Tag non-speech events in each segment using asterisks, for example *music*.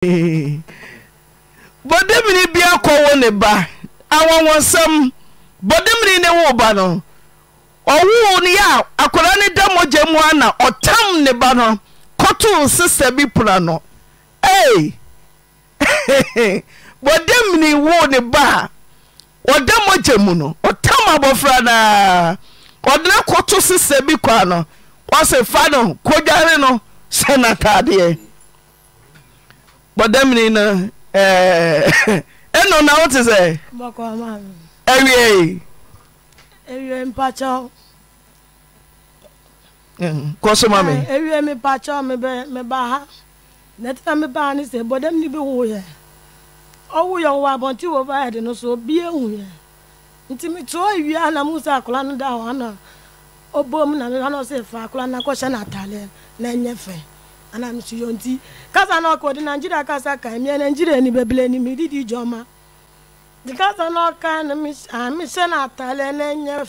bɔdemene biaa kɔ ne ba awɔwɔsɛm bɔdemene ne wo ba no yɛ a akɔda ne da mɔgya mu ana ɔtam ne ba no kɔtoo sesa bi no *laughs* a ɔda mu no ɔtam abɔfra ɔdena kɔto sesa bi fa bɔdamini eh, *laughs* eh, no ɛno na wote sɛ awiei kɔ soma me awie mepakyɛw meba ha na ɛtena mebaa ne sɛ bi woyɛ ɔwoyɛ wowɔ abɔnte wɔ baɛ de no so obia e huyɛ nti metoo awia na mu sɛ akora no da hɔ ana ɔbom na meba na ɔsɛ fa akora no akɔhyɛ no na ana m siyonti kasa n'ọka ọ dị naijiria kasa ka emie naijiria enibebele n'ime dịdị ijeọma dịkasa n'ọka amishe na atalị na A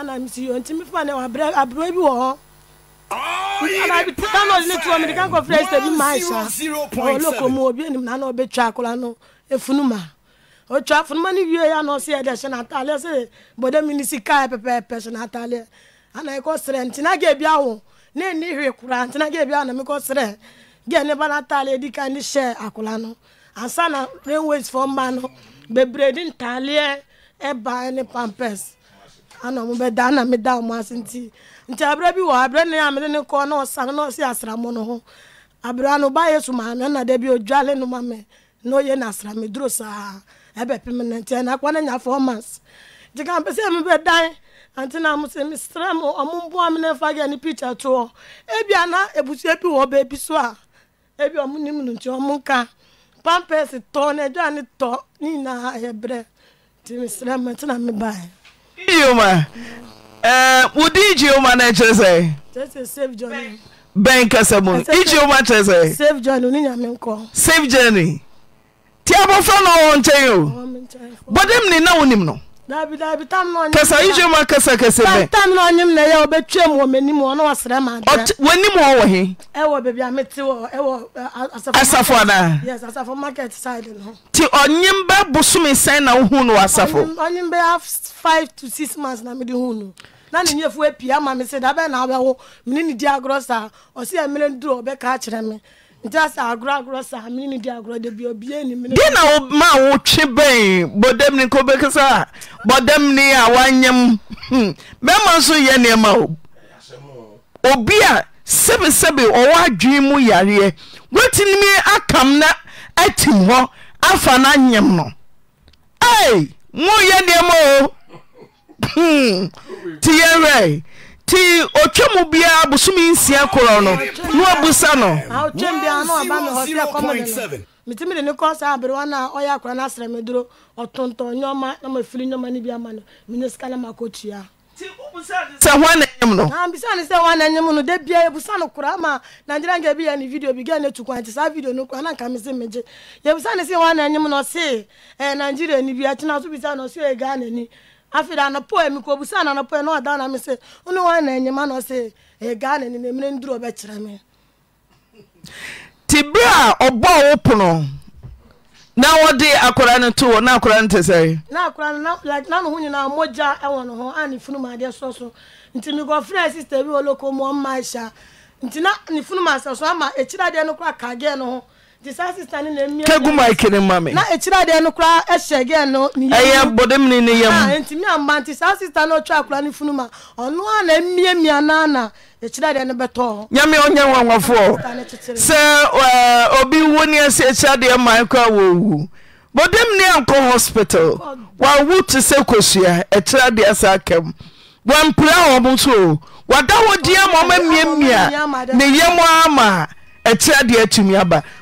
ana m siyonti mifane abụrụ ebi wọ american conference ebi maisha oloko mu obi na ọbẹ twa akwara no efunuma otwa ni wie ya na mi ni ana nene ihe kwuru antina ga ebia na mekọsịrị ga nebana tali dịka ndị she akwụlanụ asa na renwes fọ mmanụ bebredi ntalie eba e e ne pampers ana mo bɛ da ana mi da ɔmo ase ntị nti abirɛ bi wɔ abirɛ ne amene ne kɔ na ọsa na ɔsi asramo no ho abirɛ ano ba yesu maame na de bi odwale no ma na oye na asrame duro saa ebe pem na ntị e na akɔ na nya four months nti ka mpɛ sɛ mi anti na m sị mesịrị m ọmụmgbụ m na-efe gị ni picha tụọ ebia na ebusi ebi wọba ebiso a ebi ọmụnim nu nti ọmụ nka pampers tọọ na edu anyị tọ niile ha ebere nti mesịrị m anti na m ba ya. iyoma ee ụdị iji ụma na-eche sị. chese save journey. bẹn kẹsẹ mu iji ụma chese. save journey onínyàmí nkọ. save journey tí a bọ fẹ́ na ọ̀hún nkyẹn o bọ́dé mi ni náà wọ́n ni mu no. kasa yíṣe máa kasa kasa bẹ. tam náà ọ̀nyim na ẹ̀yà ọbẹ̀ twẹ́ mu ọmọ ẹni mu ọ̀nà wà sẹ̀rẹ̀ máa dẹ. wọ́n ní mu ọwọ́ hin. ẹ wọ bèbí ti wọ ẹ wọ asafo. asafo ana. yes asafo market side nù. ti ọ̀nyim bẹ bùsùnmi sẹ́yìn na ohun no asafo. ọ̀nyim bẹ half five to six months na mi di hun nù. na ne nyɛfo apie ama me sɛ da bɛɛ na wobɛwo mene ne di agorɔ saa ɔse ɛmmerɛ nduru ɔbɛka akyerɛ me gị na ma wụchi beghị bodemni ka obekesa bodemni ya wanye m hmm. bema nso yɛ nneɛma obi a sɛbesɛbe ɔwɔ adwene mu yareɛ wotinimi akam na atim hụ afa no anyem nọ. ei mụ nneɛma o hmm. ti ti otwa mu biara bosome nsia korɔ no na wabusa no metimi de ne kɔ saa aberewa no a ɔyɛ akora no asrɛ me duro ɔtontɔn nyɔma na mafiri nyɔma no bi ama no menya sika na makɔtua sɛ ho ananyim no bisa ne sɛ ho ananyim no da bia yɛbusa no koraa ma nigyeria nka bi yɛ ne video bi ga ne tu kwan te saa video no koraa na nka me se megye yɛbusa ne sɛ ho ananyim no ɔse eh, nigeria ni bi akyena so bisa no ɔse ɔyɛ ghana ni afịrị anọpọ emiko obusi na anọpọ na ọda na msị ụnụ nwaanyị na-enye sị na enene eh, mere nduru m a ọbọ ọwụ na wɔde akwadaa na akwadaa na akwadaa na like na no ho nyinaa ɛwɔ no ho a ne funum adeɛ soɔ sista bi wɔ loko mu ɔmma na ne funum asɛ so ama adeɛ no kegu mike ne na ekyir adeɛ ɛhyɛ ɛyɛ ne a ntumi nti saa sista no ɔtwa akora ne funu ma ɔno a na emiamia naana ekyir adeɛ no bɛtɔ. nyame ɔnyɛ nwanwafoɔ sɛ ɛɛ eh, obi wo ɛsɛ ekyir ɛkɔ ni hospital wawu sɛ kosua saa wɔn so wada wɔ diɛ ma miamia ne ama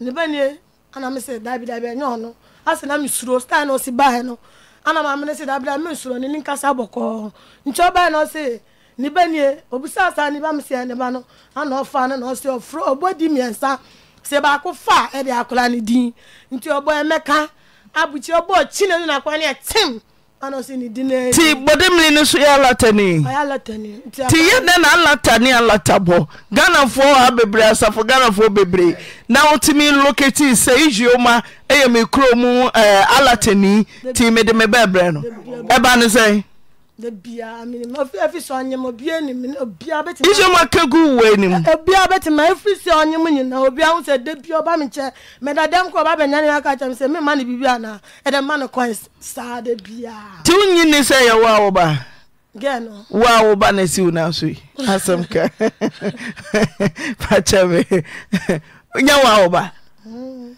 nibenie ana mi se dabi dabi enyo no asi na mi suro style no si ba he no ana ma mi se dabi dabi mi suro ni nka sa boko ncho ba no se nibenie obusa asa ni ba mi se ne ba no ana ofa na no se ofro obodi mi ensa se ba ko fa e de akola ni din nti obo emeka abuchi obo chinenu na kwani e tim ti bɔdemini no so yɛ alatani nti yɛ dɛn na alatane alata bɔ ghanafoɔ a bebree asafo ghanafoɔ bebree na wotumi loketi sɛ isio ma ɛyɛ me kuro mu eh, alatani ti mede me bɛɛbrɛ no ɛba ne sɛn bia minim ofi efi so anyem obi enim obi abeti ije ma kegu we enim obi abeti ma efi se anyem nyina obi ahun se de bi oba mi che me dadam ko oba benya ne aka chem se me ma ne bibia na e de ma ne coins sa de bia ti unyi ni se ye wa oba geno wa oba na si una so asem ka *laughs* pa cheme *laughs* nya wa oba mm.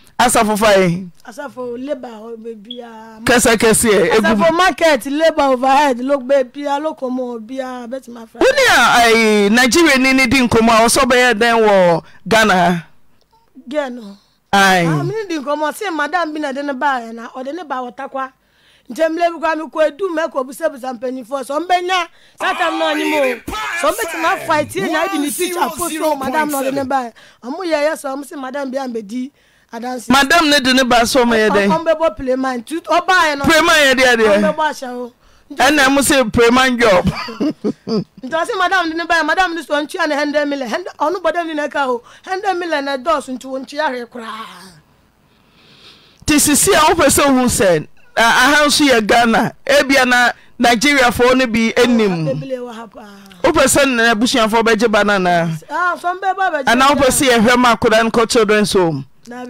asafo fae kɛsɛkɛseɛ wone a nigeria ni ne di nkɔmmɔ a wɔ sɛ ɔbɛyɛ dɛn wɔ ghana ha nkyɛmmerɛ bi kora mekɔ adu ma kɔbusɛbusa mpanimfoɔ sɛ ɔmbɛnya satam na ɔne mo sɛ ɔmbɛtumi afa tie na adi ne tikya po so madam na ɔde ne baɛ ɔmo yɛyɛ sɛ ɔmo se madam bia madam no de ne ba sɛma yɛ dɛnprɛma yɛdeɛdeɛɛnɛ mo se prema *laughs* ndwom nti sisie a wopɛ sɛ hu sɛ aha nso yɛ ghana ebiana nigeriafo no bi nimu wopɛ sɛ nnabosuafo bɛgye ba nonaa anaa ah, wopɛ sɛ yɛ hwɛ ma akora n kɔtɛdensɛom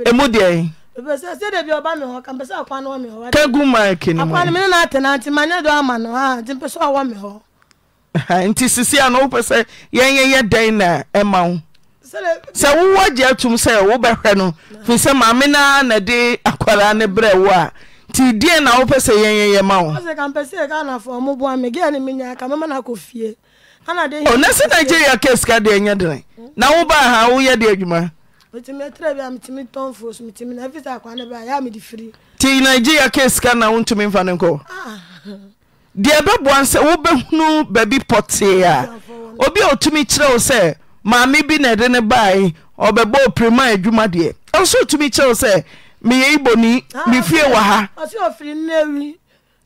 emu deɛ. pɛsɛ sɛde bi ɔba mi hɔ ka mpɛsɛ akwa no wɔ mi hɔ. kegu maaki ni mu. akwa no mi ne na atena ma ne do ama no ha nti mpɛsɛ ɔwɔ mi hɔ. *laughs* nti sisi a na yɛn yɛ dɛn na ɛma wo. sɛ wowɔ gye atum sɛ wobɛhwɛ no firi sɛ maame na de ne berɛ wo a nti deɛ na wopɛ sɛ yɛn ma wo. ɔsɛ ka mpɛ sɛ ka na akɔ fie. ɔnɛ oh, sɛ nigeria case ka deɛ nyɛ dene na wobaa ha woyɛ de adwuma. nti nigeria ka na wontumi mfa no nkɔ ah. deɛ baabi pɔtee a obi a ɔtumi kyerɛ wo sɛ maame bi na ɛde ne bae ɔbɛbɔ ɔpirima adwuma deɛ ɔnso ɔtumi kyerɛ wo sɛ meyɛ mi ah, fie wɔ ha ɔse ofiri nnewi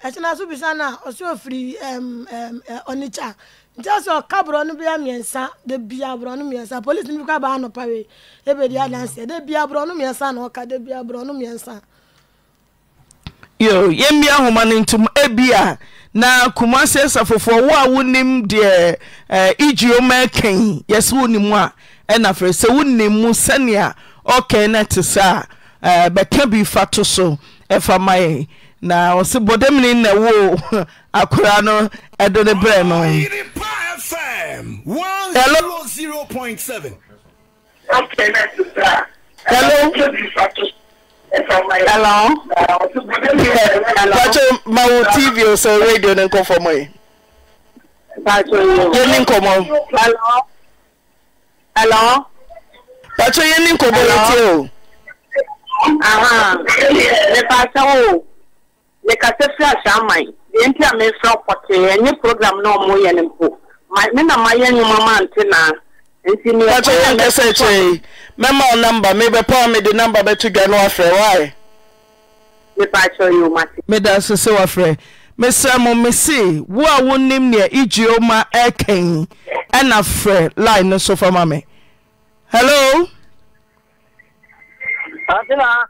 ɛkyena so ɔnikya jesu ka borɔno bia miɛnsa de bia borɔno miɛnsa polisi ni bi ka baa nɔpa wei ebe dị adansi de bia ọnụ miɛnsa na ɔka de bia borɔno miɛnsa. yo yɛmbi ahoma ntụm ntom ebia na kumase asafofoɔ wo a wonim deɛ igioma kɛn yɛsɛ wonim a ɛna frɛ sɛ wonim mu ọ ɔkɛn na te sɛ a bata bi fa to so ɛfa e ma yɛn na ɔse bɔdamni na ɛwo *laughs* akora no ɛde ne berɛ no hello Hello. Hello. Uh, bàtò ma wo tv o sọ rédíò ní nkọfọ mọ yìí yẹn ní Hello. bàtò yẹn ní nkọmọ létí o. nípa sẹ́wọ̀n o mekasa firi ahyɛ aman deɛ nti a mefrɛ pɔtee ɛnyɛ program na ɔmo yɛ no mpo me na mayɛ nnwuma ma nte naa nti meyɛkyɛ nkɛsɛ kyɛi mɛma wo namba mebɛpɛ a mede namba bɛto dwa no wafrɛ wae mepaakyɛ yɛ mate meda so sɛ wafrɛ mesrɛ mo mese wo a wonim nea igio ma ɛkɛn ɛna frɛ line no so fa ma me hello Adina.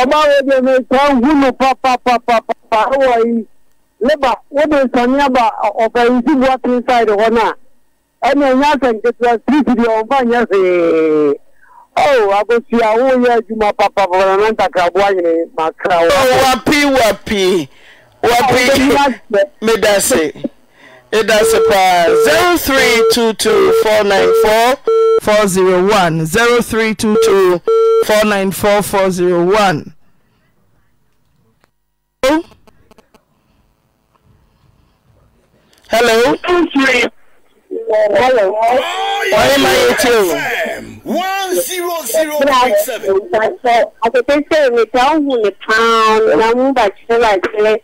ọba wo de mi sọ hu mi papapapapa wọ yi leba wo de nsọnyi aba ọfẹyinsi bu ọtí nsaidi hɔ na ɛna ɛnya sɛ nketewa siriti deɛ ɔmfa nyɛ hwee Oh, agosia woyɛ adwuma papapa na ntakraboa nyene makra wɔ wapi wapi wapi meda se It does surprise. 0322494401. 0322494401. Hello? Hello? Hello. Why am I here? One zero zero point seven. I can say, I can say, I can say, I can say, and I am back to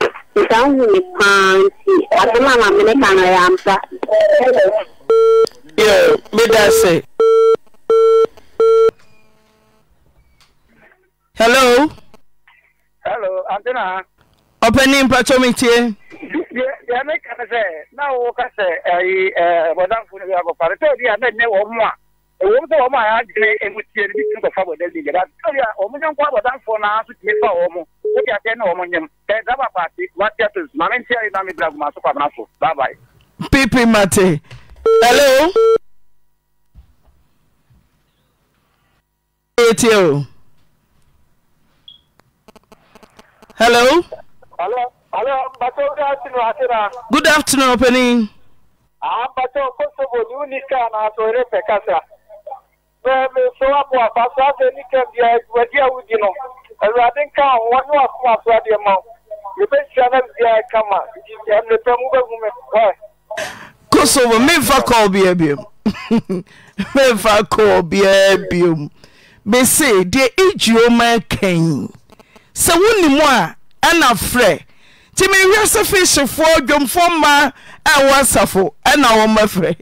can nsanwu mi paa nti asem a maame ne ka no yɛ ampa. yoo meda hello. hello Antena. ọpanin mpatso mi tie. yẹ mi kan sẹ náà wọ́n kà sẹ ẹ̀yìn ẹ̀ bọ̀dá fún mi bí wọ́n kọ́ parí tó o di yà bẹ́ẹ̀ ní wọ́n mú a ɛwɔ mu sɛ wɔn a yɛadwene ɛmu tie no bi tumi kɔfa bɔda liga da sori a wɔn nyɛ nkɔ abɔdanfoɔ naa so tumi fa wɔn wodi aseɛ ne wɔn nyɛm ɛɛ daba paati wate ato nsu maame ntia yi na mi bila goma so kwamena so bye bye. pipi mate hello. etie o. hello. hello hello bato good afternoon akira. good afternoon opening. ah bato kosovo ni unika na asore pekasa sowapo afa so asɛ ni kɛm deɛ wadi awudi no awurade nka wɔne wakoma so adeɛ ma wo yɛbɛhyia na bibiaa ɛka ma ɛmepɛ mu bɛhu me kosovo memfa kɔɔ biaa biom memfa kɔɔ biaa biom bɛse deɛ igio ma kan sɛ wonim a ɛna frɛ nti mehwɛ sɛ fihyefoɔ dwomfoɔ mmaa a ɛwɔ asafo ɛna wɔmmɛfrɛ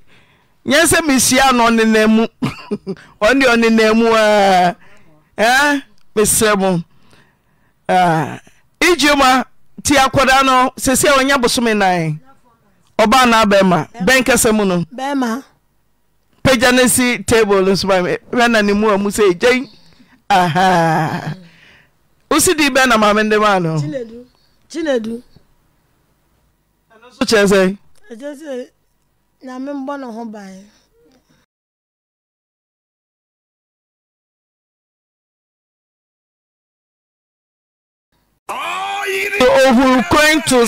yɛn sɛ mesiaana ɔnena mu ɔnde *laughs* ɔnena mu a meserɛm iema ntiakɔda no sɛsia wɔnya bosomena ɔbanabɛma bɛnkɛsɛmuno pɛgyanesi tablen ɛnanemuamu sɛ ye wosedi bɛna mame mankyeɛ sɛ nyame mbɔ ne ho ban ohun kwan to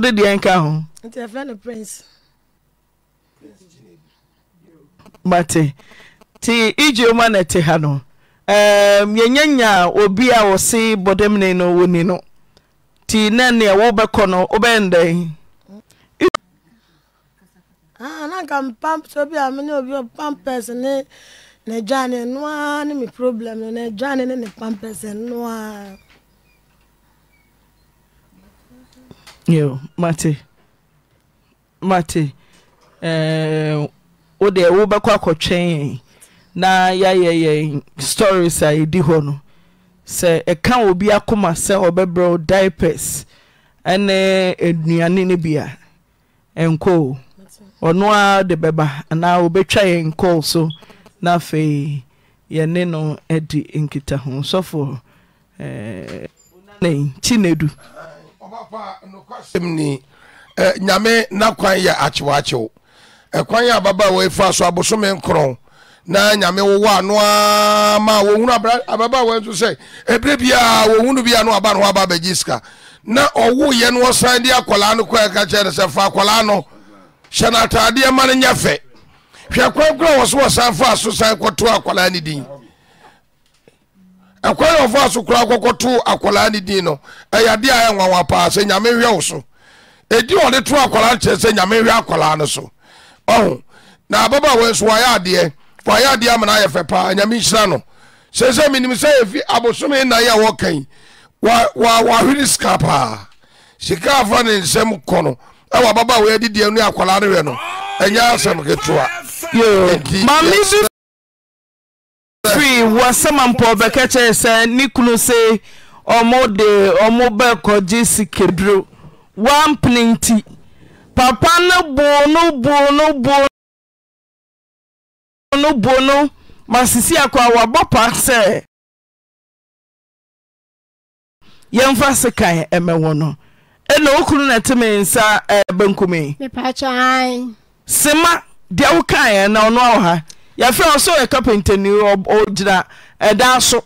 de deɛ nka ho mate te ijeoma na ɛte ha no yɛnyanya obi a wɔse bɔdamne no wɔni no nti ah, na nea wobɛkɔ no wobɛyɛ ndɛn nanka mpamsɛ bi a mene obi pampers ne ne dwane no a ne me problem no ne dwane ne ne pampers no a yo mate mate eh, wo deɛ wobɛkɔ akɔtwɛn na ya yɛn stories a ɛdi hɔ no sɛ ɛka obi akoma sɛ ɔbɛbrɛw dipers ɛne aduane no bi a ɛnkɔo ɔno ara de bɛba anaa wobɛtwa yɛ nkɔɔ so na afei yɛne no di nkitaho sɔfoɔ kyinedu ɔbapaa nokwasɛm ni nyame na kwan yɛ akyewakyew ɛkwan yɛ ababa wɔifa so abosome nkorɔn na nyame wowɔ ano a ma wɔhunu ababaawa nso sɛ ɛberɛ biaa wɔhunu bia no aba ne ho aba abɛgye sika na ɔwoyɛ no ɔsan de akɔlaa no kɔa ɛka kyerɛ no sɛ fa akɔlaa no hyɛ no ataadeɛ ma no nyɛ fɛ hwɛ korakora wɔ so wɔsan fa so san kɔto akɔlaa no din ɛkwan yɛ ɔfa so koraa kɔkɔto akɔlaa no din no ɛyɛ adeɛ a ɛnwanwa paa sɛ nyame hwɛ wo so ɛdi ɔde to akɔlaa kyerɛ sɛ nyame hwɛ akɔlaa no so ɔho na ababaawa nso wɔayɛ adeɛ wayɛ ya amana ayɛ fɛ paa no sika paa afa ne nsɛm kɔ no ɛwɔ ababa wɔ adidiɛ no akwalaa no wɛ no ɛnyɛ asɛm ketewa firi wɔasɛma mpɔ bɛka kyerɛ sɛ ne kunu se ɔmo de ɔmo bɛkɔgye sikeduro wampene nti papa no no buo no masisi akɔ a wabɔ pa sɛ yɛmfa sekan ɛmɛwɔ no ɛna okunu na ɛte me nsa ɛɛ benkum yi. sima deɛ wokaeɛ na ɔno awɔ ha yɛfrɛ ɔ sɛ ɔyɛ kapentani ɔgyina ɛda so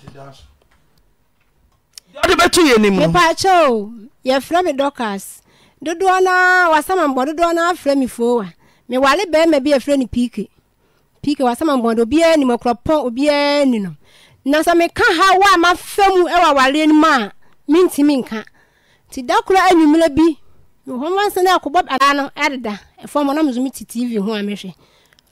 ɔde bɛto yɛ ni mu. mipakyɛ o yɛfrɛ me dɔkas dodoɔ naa wasama mbɔ dodoɔ naa frɛ me fowa mewale bɛrima bi yɛfrɛ ne piike. pika wa pk wasɛm abɔnde obiara nim u biye ni no na sa me kan ha wa ma femu mu wɔ awareɛ no mu a mentimi nka nti da koro anwummerɛ bi mehɔma sɛ dɛ akɔbɔ adaa no ɛdeda ɛfam ɔnam so mete tv ho a mehwɛ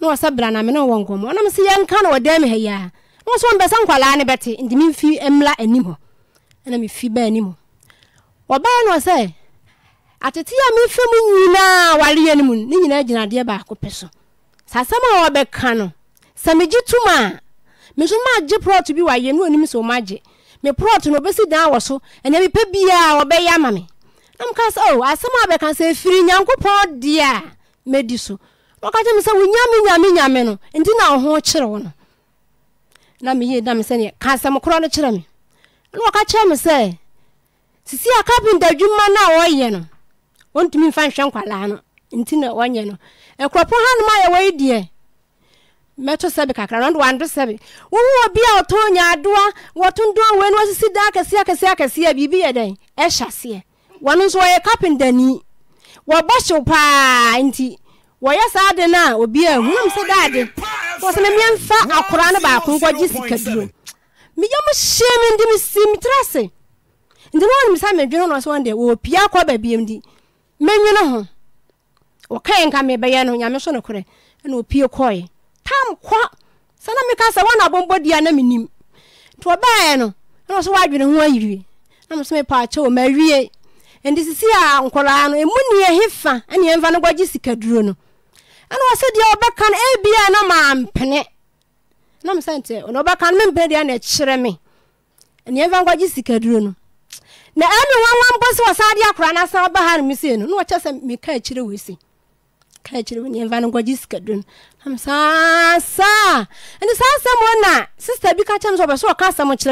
na wɔsɛ bra na mene wɔ nkɔmmɔ ɔnam sɛ yɛnka na wɔdan me ha yi a na wɔ sɛ wɔmpɛ sɛ nkwalaa ne bɛte nti memfi mmla anim hɔ ɛna mefi baa anim hɔ wɔbaa no sɛ atete a mefa mu nyinaa wareɛ no mu ne nyinaa gyinadeɛ baako pɛ so saa asɛm a wɔbɛka no sɛ megye tom a meso maagye prɔt bi wayɛ ne ɔnim sɛ ɔmagye me prɔt no ɔbɛsi dan wɔ so ɛnɛ mepɛ biaa wɔbɛyɛ ama me na mka sɛ o oh, asɛm a bɛka sɛ ɛfiri nyankopɔn deɛ a mɛdi so ɔka kyɛ me sɛ wonyame nyamenyame no nti na wo ho kyerɛ wo no na meyie na me sɛneɛ ka asɛm korɔ no kyerɛ me na wɔka kyerɛ me sɛ sisi a kapenta adwuma no a wɔyɛ no wɔntumi mfa nhwɛ nkwalaa no nti na wɔnyɛ no nkuropɔn hanom a yɛwɔ yi deɛ mɛto sɛbi kakra no wando sɛbi wohu obi a ɔtɔn nyaadoa wɔto wei no wasisi da akɛseɛ akɛseɛ akɛseɛ biribi yɛ dɛn ɛhyɛ aseɛ wɔno nso wɔyɛ kapendani wɔbɔ hyew paa nti wɔyɛ saa ade no a obi hunam sɛ daade wɔsɛ na mɛmfa akora no baako nkɔgye sika duro meyɛ hyɛ me nde mesi metera ase nti ne wɔnem sɛ medwene no sɛ wɔn deɛ wɔpia kɔ baabiam di mɛnwene ho wakayenka me mebɛyɛ no nyame so nokorɛ ɛna opie kɔe tam kwa sɛ na meka sɛ wɔna abombɔdia na menim nti wɔbɛɛ no ɛna sɛ woadwene ho ayirie na mso mepa akyɛ wɔ mawie ɛnti sisi a nkɔlaa no ɛmu ne ɛhe fa ɛne ɛmfa no gbagye sikaduro no ɛna wɔ sɛ deɛ wɔbɛka no ɛbia na mampene na me sɛ nti ɔna wɔbɛka no mempene deɛ na ɛkyerɛ me ɛne ɛmfa nkwagye sikaduro no na ɛme wanwa mbɔ sɛ wɔsa de akora no asan wɔbɛha no mesie no na wɔkyɛ sɛ meka akyirɛ wɔ si kri ano ko i sa dona eb a amn kop da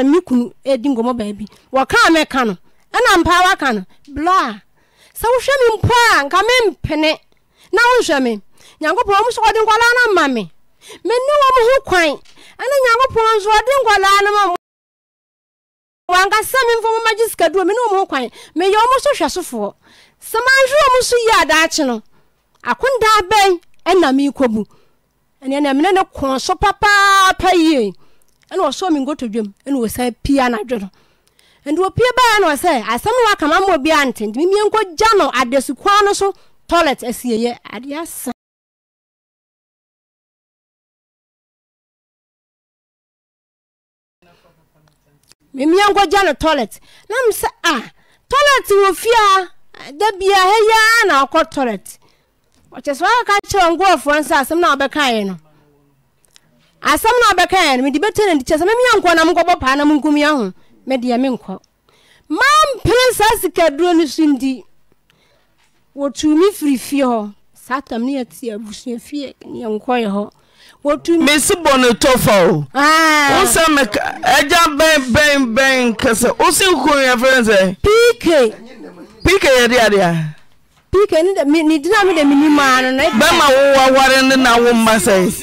me moso idakeno akondaa bɛn ɛna meekɔbu ɛneɛna mene ne kɔɔ so papaapa yie ɛne ɔsɔɔ menkɔtɔ dwam ɛne wɔsa pia nadwe no nti wɔpie baa na ɔsɛ asɛm no wakama mmɔ bia nte nti memie nkɔgya no adasukwa no so toilet asieyɛ adeɛ asa memia nkɔgya no toilet na m sɛ a ah, toilet wɔ fie a da bia hɛyaa na ɔkɔ toilet ɔkyɛsɛ aka kyerɛ ɔngoɔfoɔ nsa asɛm na ɔbɛkaeɛ no asɛm na ɔbɛkaeɛ no mede bɛtɛ no ntikyɛ sɛ memia nkɔ na monkɔbɔ paa na monkumia ho medeɛ menkɔ mampere saa sikaduro no so ndi wɔtuu me firi fie hɔ saa tam ne yɛte abusua fie yɛnkɔɛ hɔ mesi bɔ ne tɔfa o ah. wosɛ meka agya bɛn bɛn bɛn kɛsɛ wosi nkurunyɛ fɛn sɛ pk pk yɛde bema wowareenawomasemas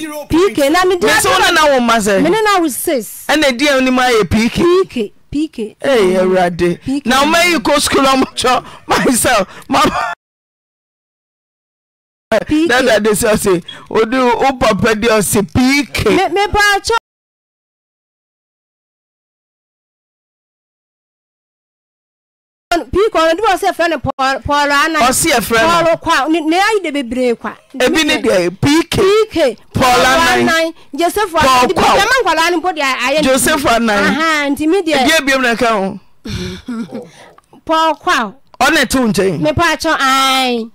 ndinimaye pikwrade nomyi koskolo mo mise adss opapedese pike pii kɔ no de wɔ sɛ ɛfrɛ no pɔɔrɔ ana ɔsi ɛfrɛ no pɔɔrɔ kwa ne ayi de bebree kwa. ebi ne deɛ pk pk pɔɔrɔ anan joseph anan pɔɔrɔ kwa jama nkwadaa ni mpo de ayɛ joseph anan nti mi deɛ ebi ebien na ka ho pɔɔrɔ kwa. ɔna ɛte wo nkyɛn. mepa akyɛ ayi.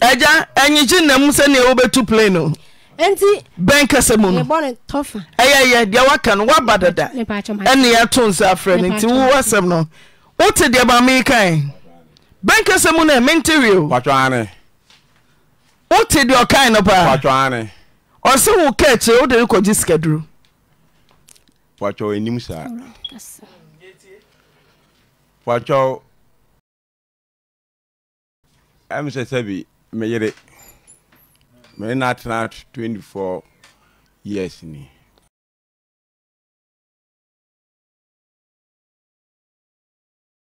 ɛgya ɛnyigye nam sɛ nea wɔbɛtu plane no. nti. bɛn kasa mu no. mebɔ ne tɔfa. ɛyɛ yɛ deɛ waka no waba dada. mepa akyɛ maa ɛna yɛato nsa afrɛ no nti wo asɛm no wote deɛ ba meekae bɛnkɛsɛ mu no menterio wote deɛ ɔkae no paa ɔse wo ka kyerɛ wode rekɔgye sikaduro pɔtwɛw'anim saa pɔtwɛw ɛm sɛ sɛbi meyere mene na twenty-four years ni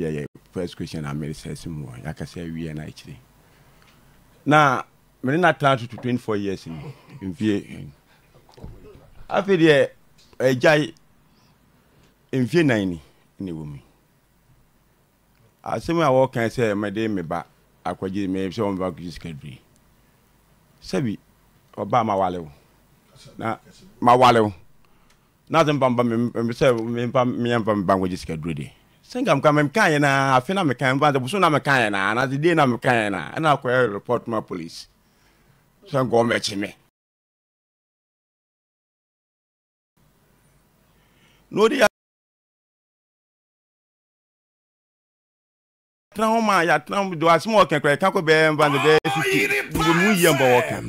deɛ first question a mede sɛ se mu wɔ yɛaka sɛ awiɛ no akyire na mene natena so to 24 years no mfie afei deɛ agyae mfie nan ni ne wɔ mi asɛm a wɔka sɛ mede me ba akɔgye me sɛ ɔmeba kɔgye sika duri sɛbi ɔba ma wale wo na ma wale wo na asɛm pampa mepɛ sɛ mempa meɛmfa meba nkɔgye sika duri deɛ sẽngame ka me m na a fẽ na me kã na bʋ sõna me kã yẽ na na na me na na report ma police sẽn gom me tɩme nood yaa tãm wã maa yaa tãm do a sẽn wa kẽ koɛ kã kõ bɩ n bãnd bɩ fifti mu yɩ yẽmba wa kãm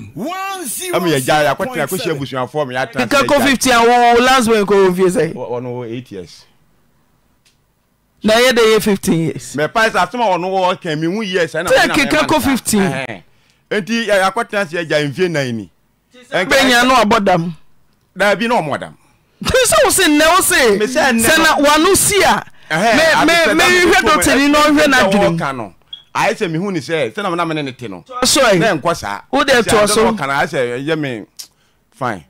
am ya ja yaa kõ tɩ yaa kõ sia busu wã fɔm yaa tãm ka kõ eight years na ɛyɛ dɛ yɛ fifteen years. mɛ paasi asoma wɔn wɔ kɛn mi hu years. tí yɛ keka kó fifteen. eti akɔtena se ɛgya nfie nan ni. bɛnya no abɔ dam. daabi na ɔmɔ dam. sɛ o se nnɛ o se sɛ na wano si a mɛ mɛ mɛ hwɛ dɔtɛni na ɔhwɛ na adwiri. ayé sɛ mi hu ni sɛ sɛ na mo na mo ne ne te no. tɔɔsɔ yi ne nkɔ saa. o de tɔɔsɔ. ayé sɛ ɛyɛ mi fine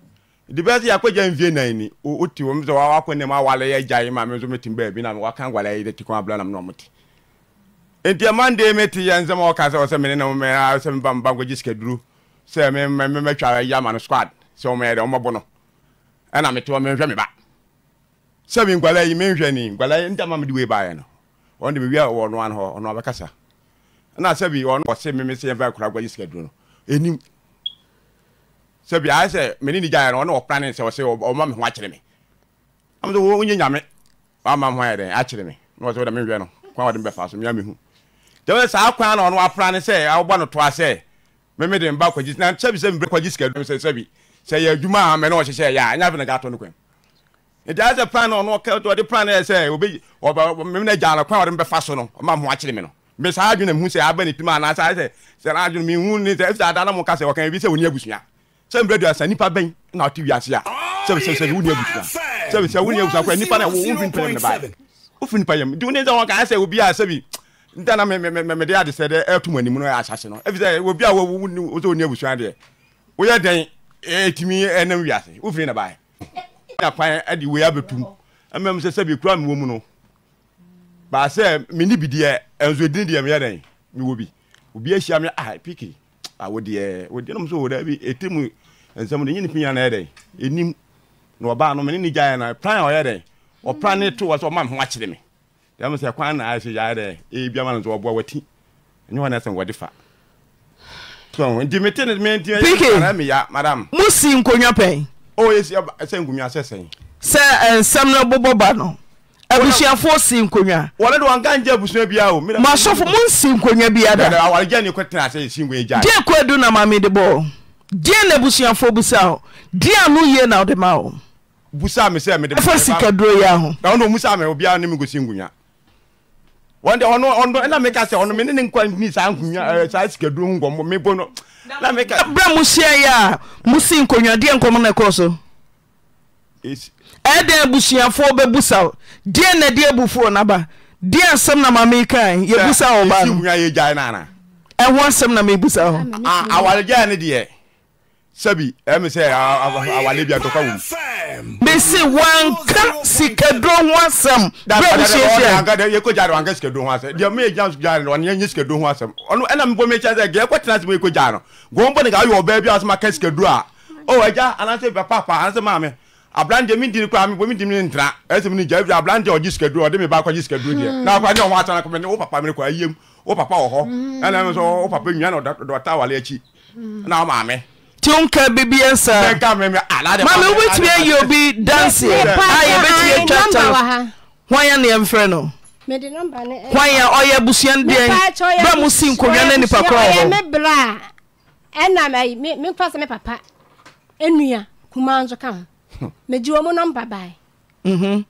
dibɛsi yɛ akɔgya nvie nan ni o ti wɔn sɛ wɔn akɔ ne mu awale yɛ gya yi ma mi nso mi ti baabi na wɔn aka ngwale yi de ti kɔn abila na mu na wɔn ti nti ɛma e, de mi ti yɛ nsɛm a wɔka sɛ mi ne na mo mɛ a sɛ mi ba mi ba nkɔ gye duru sɛ mi mɛ mi mɛ twa yɛ ama no squad e, sɛ wɔn yɛ dɛ wɔn bɔ no ɛna mi ti wɔn mi nhwɛ mi ba sɛ mi ngwale yi mi nhwɛ ni ngwale yi nta ma mi di wei ba yɛ no wɔn de mi wia wɔ ɔno ano hɔ ɔno abɛkasa ɛna e, sɛ bi ɔno mi mi sɛ yɛn fɛ akora akɔ gye sika duru no enim sɛ biaa sɛ mene ne gyaɛ no ɔne ɔpra ne sɛ ɔsɛ ɔma me ho akyerɛ me am sɛ wonyɛ nyame wama ho ayɛ dɛn akyerɛ me na ɔsɛ wode menwɛ no kwan wɔde mbɛfa so mea mehu nti wɛ saa kwan na ɔno wapra ne sɛ awobɔ no toa sɛ memede mba kwagyi na sɛbi sɛ mbrɛ kwagyi sika sɛ sɛbi sɛ yɛ adwuma a mɛne ɔhyehyɛ yɛ a ɛnya afei na gatɔ no kwan nti ayɛ sɛ plan na ɔno ɔde plan no yɛ sɛ memene gyaa no kwan wɔde mbɛfa so no ɔma ho akyerɛ me no me saa adwene mehu sɛ aba ne pim anaasɛ ayɛ sɛ sɛ adwene mehu ne sɛ ɛfisɛ ada na mo ka sɛ ɔkan bi sɛ ɔni abusua sɛ mbrɛ do asa nipa bɛn na ɔte wiase a sɛ sɛ sɛ wuni abusua sɛ sɛ wuni abusua kɔ nipa na wo wo nfin pɛn ne ba wofin nipa yɛm de wuni sɛ wɔn kan sɛ obi a sɛbi nta na mɛmɛmɛmɛde adi sɛ dɛ ɛtum anim no yɛ asase no efi sɛ obi a wo wo wo sɛ wuni abusua deɛ woyɛ dɛn ɛtumi e, ɛnam e, ne ba na kwan ɛdi e, wei abɛtum ɛmɛm sɛ sɛbi kura mi wɔ mu no baasɛ mi ni bi deɛ ɛnso edini deɛ mi yɛ dɛn mi wɔ bi obi ahyia mi a ah, piki awo ah, deɛ wo deɛ nom so wo dɛ bi eti mu nsɛm de nye ne pinya na ɛdɛ enim na ɔbaa no mɛ ne ne gya yɛ na plan a ɔyɛ dɛ ɔplan ne to wɔ sɛ ɔma me ho akyerɛ me dɛm sɛ kwan na ayɛ sɛ gya yɛ dɛ ebi ama no So, ɔboa wati ɛnyɛ hɔ na ɛsɛn wɔde fa tɔn nti mi ti ne mi mi ya madam. mo si nkonnwa pɛn. o yɛ si ɛsɛ nkonnwa sɛ sɛn. sɛ nsɛm na bɔbɔ ba no abusuafoɔ si nkonnwa. wɔle de wɔn kan jɛ abusua bi awo. mo asɔfo mo nsi nkonnwa bi ada. awari jɛ ni ko tena ase si nkonnwa gya. diẹ ko edu na maame de bɔ deɛ na abusuafoɔ busaa hɔ deɛ a yie na wode ma wɔ busaa me sɛ medefa sikaduro yi aho ɔno ɔmusaa me obiara ne menkɔsi nkonwa wọ́n ọ̀nà ọ̀nà ẹ̀nà mi ka sẹ̀ ọ̀nà mi ní ní nkwa ní sáà nkùnyà ẹ̀ sáà sikaduro nkọ̀mọ́ mi bọ́ náà mi ka. abúlé mu si ẹ yá mu si nkonnwa díẹ̀ nkọmọ náà kọ́ so. ẹ ebusuafo bẹ busa o díẹ̀ na díẹ̀ bufu ọ̀ naba díẹ̀ asẹ́m na maame kan yẹ busa ọ̀ bá. ẹ si nkùnyà yẹ gya ẹ nana. ẹ wọ́n asẹ́m na mi busa ọ̀. awaregya ni deɛ sẹbi ẹmi sẹ awale bi atọkọ wum. bisi wanka sikaduro ho asɛm bẹẹ bi ṣe ṣe. daadada yẹ ko jaare wanka sikaduro ho asɛm diẹ mi yẹ jan jaare wani yẹ nye sikaduro ho asɛm ɔnu ɛna mi bɔ mi kyɛn sɛ gɛɛ kɔ tena se mi yẹ ko jaare gɔn bɔ ne ka ayɔ bi asoma kɛ sikaduro a ɔ ɛja anase papa anase maame abiranteɛ mi diri kura mi bɔ mi diri mi ntina hmm. ɛsɛ mi ni jɛ bi abiranteɛ ɔji sikaduro ɔde mi ba kɔ ji sikaduro diɛ n'a kɔ ne ɔmo atana o papa mi kɔ ayem o papa wɔ hɔ mi sɔ o papa nyuya na ɔta wale akyi na ɔmaame nso nka bibia saa mame wobɛtumi ayɛ obi danseɛ a yɛbɛtumi atwata hwan ya ne yɛmfrɛ no hwan ɔyɛ abusua no deɛn bɛ mo si nkonnwa no nipa korɔ hɔ ɛnamekɔ sɛ me papa ɛnua kuma nso ka ho megye wɔ mu nɔmba bae berɛ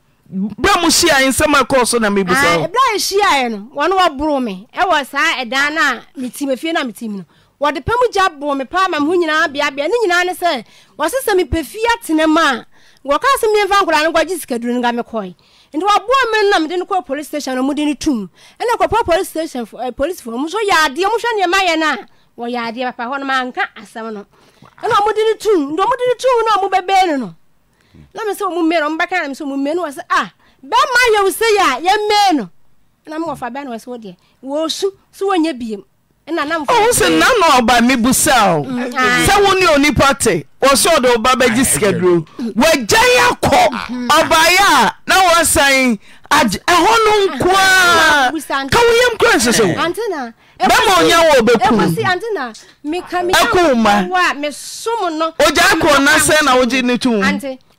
mo hyiae nsɛm a ɛkɔɔ so na mebusa berɛ a ɛhyiaeɛ no wɔne wɔboro eh. eh, ah, eh, me ɛwɔ saa ɛdan no a metim afie no a metim no wɔde pɛ mu gya bɔ me paa ma me ho nyinaa beabea ne nyinaa ne sɛ wɔse sɛ mepɛ fie atena mu a wɔkaa sɛ miɛmfa nkoraa no gɔgye sikaduru no ga mekɔe nti wɔboa me no na mede no kɔɔ police station no mude no tum ɛne kɔpɔ police station eh, policefoɔ mu so yɛ adeɛ mohwɛ nneɛma yɛ no a wɔyɛ adeɛ papa hɔ no manka asɛm no ɛna ɔmode no tum nti ɔmode no tum na ɔmobɛbɛɛ no no na me sɛ ɔmu mmee no ɔmbɛka na me sɛ ɔmu mmee no wɔ sɛ ah bɛma yɛwo sɛ yɛ a yɛmmee no na me wɔfa bɛɛ na wɔ sɛ wodeɛ wɔsu so wɔnyɛ biem ɔho oh, sɛ nna na ɔba mebusa mm, o sɛ wo ne onipa te wɔ sɛ ɔde woba bɛgye sikaduro wɔagyae akɔ mm. ɔbaeɛ a na wɔasane ɛhɔ no nko a ka woyam kora nhyɛ sɛ wo bɛma ɔnya wɔ bɛkum ɛko ma ogya akɔ na sɛ na wogye ne to mu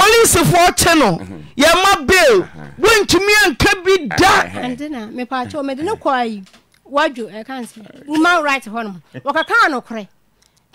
policefoɔ kye no mhm. yɛma bel mhm. wontumi anka bi da eh, eh, eh. mede ne kɔi wadwo ɛka sɛ woman right hɔ nom wɔkakaa nokorɛ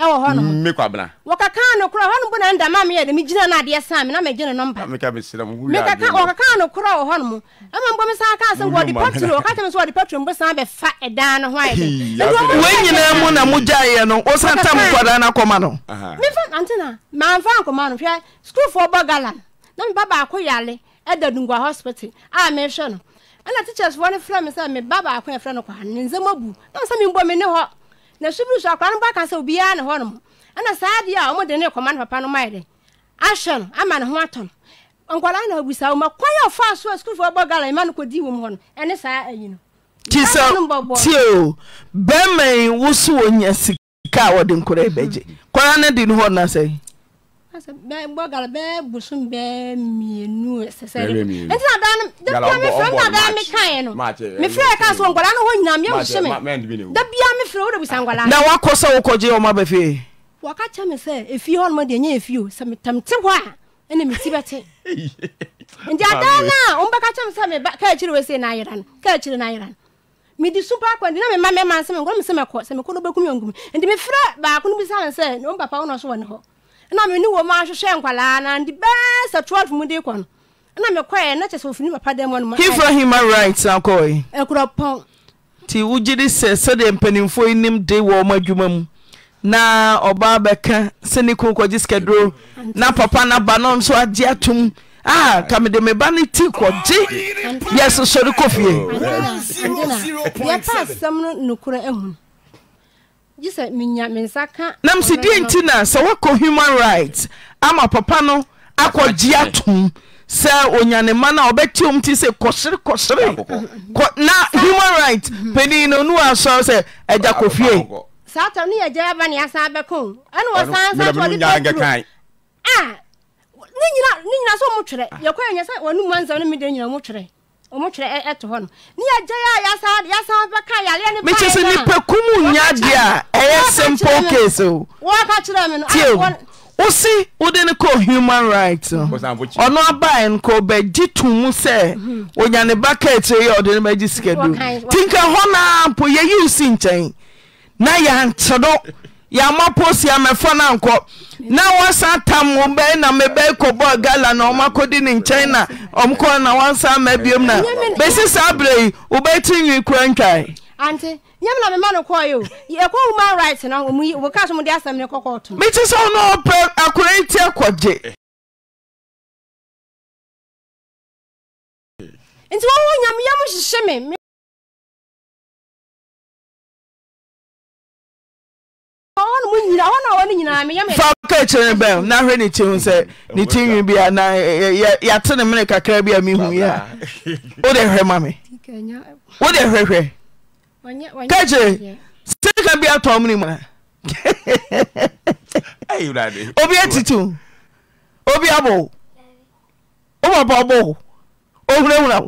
ɛwɔ hɔ nom mmekɔ abena wɔkakaa no korɔ hɔ bo na ndama meyɛ dɛm gyina no adeɛ saa me na magye no nɔmpa wɔkakaa no korɔ wɔ hɔ nom ɛma mbɔ me saa kaa sɛ wɔde patro ɔka kyɛm sɛ wɔde patro mbo saa bɛfa ɛdan no ho ayɛ mu na mogyaeɛ no wosan tam no akɔma no mefa ante na mamfa nkɔma no hwɛ sukuufoɔ bɔ gala na meba baako yale ɛda dungua hospital a mehwɛ no ɛna teachers foɔ no frɛ me sɛ meba baako yɛfrɛ no kwa ne nsɛm abu na sɛ membɔ me ne hɔ na subiri so akwadaa no bɔ akasa obiara na hɔnom ɛna saa adeɛ a wɔn de ne kɔma no papa no mayɛ dɛ ahyɛ no ama ne ho atɔ no nkwadaa na abisa wɔn kwan a ɔfa so a sukuufoɔ bɔ gala ɛma no kɔ di wɔn hɔ no ɛne saa ayi no. kyisa tie o bɛrima yi woso nya sika a wɔde nkora ebɛgye kwadaa no de ne hɔ na sɛ gbɔgala bɛɛ busum bɛɛ mienu sɛsɛri n tɛna daa ni dabiya mi filɛ n tɛna daa mi kan yen nɔ mi filɛ k'a sɔrɔ nkɔla ni ko ɲinan mi ye muso mi o de bi sa nkɔla. na wa kɔsɛ o kɔjɛ o ma bɛ fɛ. wa ka ca mi sɛ efi hɔlɔmɔ de n ye efi o sami tam ti bɔ a ɛna mi ti bɛ ti. *laughs* nti a daa na n bɛ ka ca mi sɛ mi ba k'a ciri o se n'a yira ni k'a ciri n'a yira ni mi di supa kɔ nti na mi ma mɛ me sɛmɛ nkɔlɔ mi sɛmɛ kɔ sɛmɛ kolo bɛ kun mi yɛ nkumi nti mi filɛ baako ni bi sa mi sɛ o papa o nɔ so wɔ ni hɔ na me ne wɔ mu ahwehwɛ nkwalaa na de bɛɛ sɛ twelve mu de kɔ no na mekɔɛ na kyɛ sɛ ofini papa dɛm no hifra human rights na kɔe akurɔpɔn nti wogye de sɛ sɛdeɛ mpanimfoɔ yi nim de wɔ ɔm adwuma mu na ɔbaa bɛka sɛ ne kun kɔgye sikaduro na papa na ba no nso agye atom ah ka mede me ba ne Yes, sorry yɛsosɔre kɔ fie yɛka asɛm no nokorɛ ahunu na msidie nti na sɛ woakɔ human right ama papa no akɔgye atom sɛ onyane ma no a ɔbɛteɛ m ti sɛ kɔsere kɔsere na human right pani no nu asɔre sɛ agya kɔfie ah, ne nyina so mo yɛkɔ yɛnyɛ sɛ wɔne mu no mede nyina mo ɔmo twerɛ ɛto hɔ no ne yɛgya yɛ a yɛsan yɛsan bɛka yɛareɛ ne mekyɛ sɛ nipa kum nya deɛ a ɛyɛ simple case o wɔka kyerɛ me no tie wosi wode no kɔ human rights mm-hmm. no ɔno abae no kɔ bɛgye to mu sɛ mm-hmm. onyane ba ka akyire yɛ ɔde no bɛgye sika du nti nka hɔ no a mpo yɛyi wo si nkyɛn na yɛankyerɛ yɛama posi ya mɛfa no na woasa tam na mebɛɛ kɔbɔɔ gala na ɔmakɔdi ne nkyɛn na ɔmkɔɔ na woansa ma biom na bɛsi saa berɛ yi wobɛti nwi kora ntwae mete sɛ ne ɔpɛ nti hyehyɛ ɔno mu nyina ɔno a ɔno nyinaa meyɛ me kyerɛ bɛn na hwɛ ne tirim sɛ ne tirinwi bi a na e, e, yɛate ne mene kakra bi a mehu yi a wode hwɛ ma me wode hwɛhwɛ ka kyerɛ sika bi atɔ mene mu *laughs* obi atitiw obi abɔ wo wobɔbɔ bɔ ohunahuna wo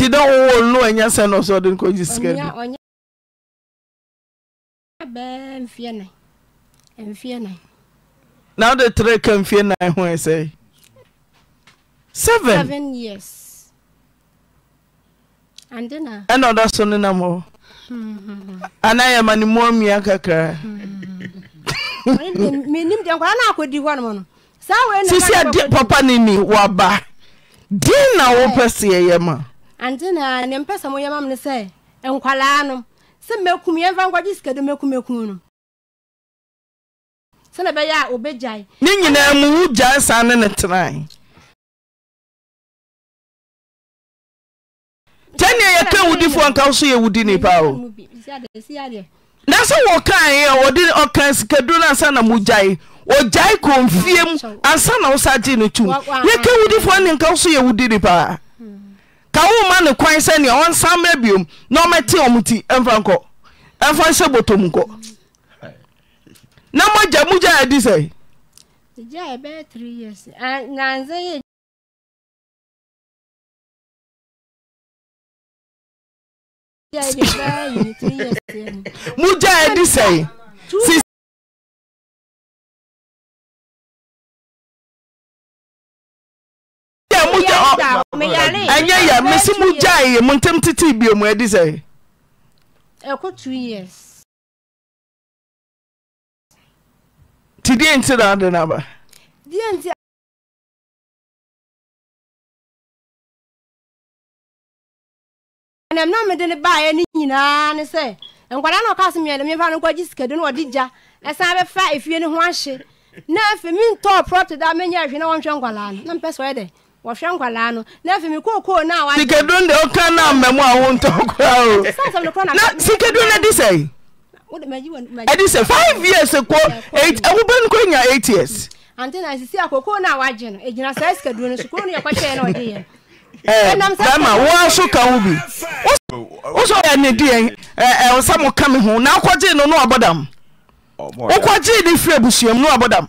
ti nɛ wowɔ no anya sɛ nosɛɔdenyɛ sian nawoe trɛka mfna hosɛnɛd son nam anaa yɛ manemua mmia kakraɛsiae papa no ni waba i na wopɛ seɛ yɛ ma anti na ne mpɛ sɛ moyɛ ma m no sɛ nkwalaa no sɛ mɛkum yɛmfa nkwagye sikade mɛkumakum no sɛna ɛbɛyɛ a obɛgyae ne nyinaa mu wo gyae saa ne ne tenae gyɛneɛ yɛka wudifoɔ nka wo so yɛ wudi nipa o na sɛ wɔkae a wɔde ɔka sikaduro no ansa na mogyae ɔgyae kɔmfiem ansa na wo sa gye no tum yɛka wudifoɔ ne nka wo so yɛ wudi nipa a hmm. ka woma ne kwan sɛnea ɔnsa mmerɛ biom na ɔmɛte ɔm ti ɛmfa nkɔ ɛmfa hyɛ bɔtɔm nkɔ na mogya mogya adi sɛ mogya adi *laughs* sɛ ɛnyɛ yɛ mesi mu gyae yɛ mu ntɛm tete bio mu adi sɛ nti deɛ nti na ade no aba nam na mede ne baeɛ no nyinaa ne sɛ nkwada na ɔka so mmiɛde memfa no nkɔgye sikadu na ɔde gya ɛsan bɛfa efie no ho ahye na afei mentɔɔ prɔto da menyɛ ahwe na wɔnhwɛ nkwadaa no na mpɛ sɛ ɔyɛ dɛ wɔhwɛ nkwalaa no na afei mi kookoo na wa. sikadun de ɔka na mɛmu a wɔntɔn o na sikadun na di sɛ ɛdi sɛ five years kɔ eight ɛwo bɛ nya eight years. ante na sisi akoko na wagye no egyina saa sikadun no so kuro no yɛ kɔkyɛɛ na ɔde yɛ. Eh, ɛɛ bɛrima wɔn aso ka wo bi wosɔ yɛ ne di yɛn ɛɛ mo ka ho na akɔgye no no abɔdam wokɔgye ne firi abusua mu no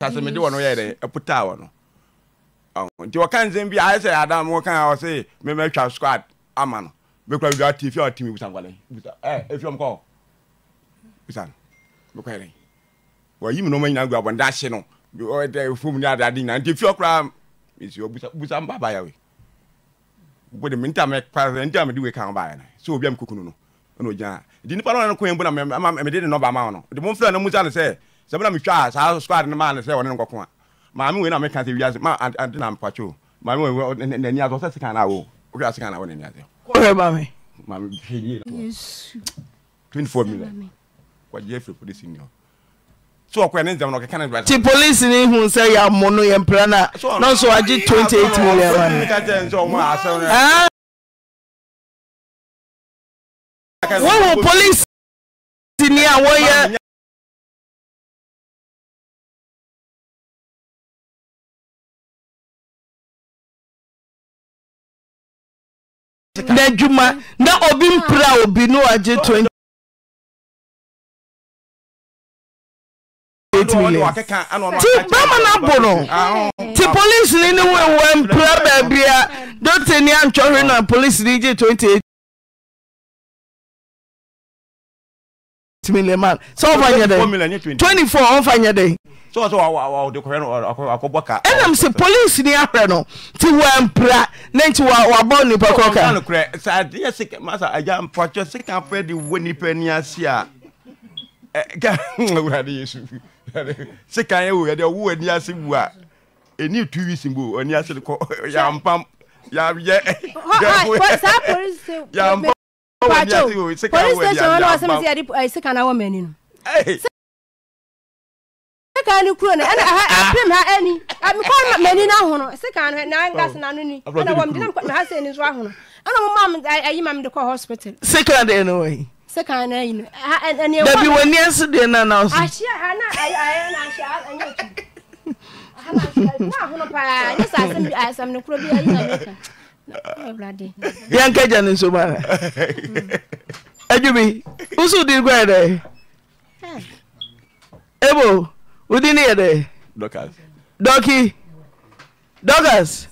tasɛ mede wɔ no yɛ dɛ ɛputaa wɔ no nti wɔka nsɛm bi ayɛ sɛ adam wɔka a ɔse mematwa squad ama no mekura bi ati fi a ɔtimi busa nkwalɛ busa ɛ efi ɔm kɔ busa no mekɔ yɛrɛ wɔyi mi na ɔma nyina gu abɔ ndaahye no ɔdɛ fom ne ade ade nyina nti fi ɔkura esi ɔbusa busa mba ba yɛ we bɔ de mi nta mɛ kpa sɛ nta mɛ de we kan ba yɛ na so obi a mi kukunu no ɛna ogyina di nipa na ɔyɛ no kɔn yɛ mbɔ na mɛ mɛ de ne nɔba ama wɔn no de mo n filɛ ne musa ne sɛ sɛ bɛna mehwɛ a saa squad no maa ne sɛ ɔne no nkɔko a maame wei na meka sɛ wiase ma ante na mpatwo maame wei n'ani ase ɔsɛ sika na wo wohwɛ a sika na wo n'ani ase kɔhwɛ maame maame hwɛ yie na 24 million kɔgye afiri polisi ni hɔ so ɔkɔ ɛne nsɛm no ɔkeka ne nsɛm ti polisi ni hu sɛ yɛ amɔ no yɛ mpira na nɔnso agye 28 million ma ne wɔwɔ polisi ni a wɔyɛ n'adwuma na obi ah. mpira obi no agye 20 ti bama no abo no nti polise ni ne wo wa mpira baabia dotani antwɔhwe na polise ni gye 28 eight million man sɛ ɔfa nyɛ dɛn twenty four ɔfa nyɛ dɛn. sọ sọ wà ọdẹ kọrẹ no akọbọ ká. ẹnam sẹ polisi ni ahwẹ no ti wọ mpira ne nti wà wà bọ nípa kọ ká. ọmọ nìkorẹ sẹ adiẹ sika masa ajá mpọtọ sika fẹ de wọ nípa ni ase a ẹ ká wúradì yẹsu sika yẹ wò yẹdẹ wọ ni ase wù a ẹni e tu wi sin bo ọni ase kọ yà mpam yà yẹ yà wọ yà mpam police station wọn na wasɛm sɛ yɛde sika na wɔ m'ani no sika no kuro no ɛna ɛha apem ha ani mekɔ m'ani no aho no sika no na gas na no ni ɛna wɔm de na ha sɛ ani so aho no ɛna moma ayi ma mede kɔ hospital sika deɛ no wɔyi sika no ayi no dabi w'ani ase deɛ no na so ahyia ha na ayɛ na ahyia ɛnyɛ tu ha na ahyia na ahono paa nyɛ sɛ asɛm no kuro bi ayi na meka ya nkeja nso mana adwumi usu wodi kwaɛ dɛ ebo ụdịni ne yɛ dɛ ya nkeja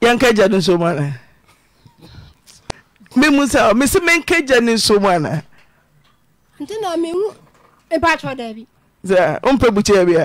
yankagya ne nso mana memu sɛ mese menkagya ne nso mu ana nti na mehu mpa kyɛ daabi sɛ wompɛ bukyia bia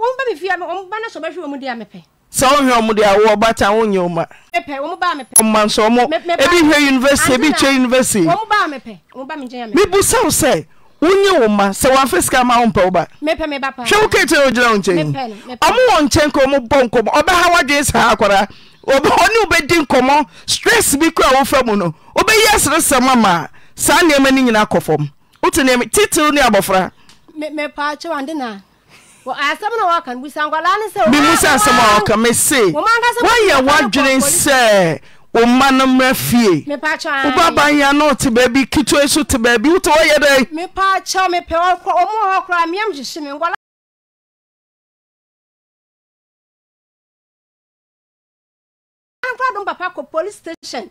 Ọmụba bẹ fia mi wọ́n bá náà sọ bẹ́ẹ̀ fi wọ́n mu di a mẹ́pẹ́. sọ wọn hwẹ ọmọdé awọ ọba ta wọn ọma. mẹpẹ wọn bá mẹpẹ. ọmọ nsọ ọmọ ebi hwẹ yunifásitì ebi kyẹ yunifásitì. wọn bá mẹpẹ wọn bá mi jẹ mẹpẹ. mibu sáwọ sẹ wonye wo ma sɛ wɔamfa sika ma wompɛ wo ba hwɛ wo kɛti na wogyina wo nkyɛn ɔmo wɔ nkyɛn ka ɔmo bɔ nkɔmmɔ ɔbɛha w'adwene saa akwaraa ɔne wobɛdi nkɔmmɔ stress bi no saa nneɛma no nyina asɛm na wɔka no busankwadaa ne sɛ mebusa asɛm a wɔka me se woayɛ woadwene sɛ wo mma no mmra fie woba banya na ɔte baabi ketewa so te baabi wote wɔyɛ dɛ papa police station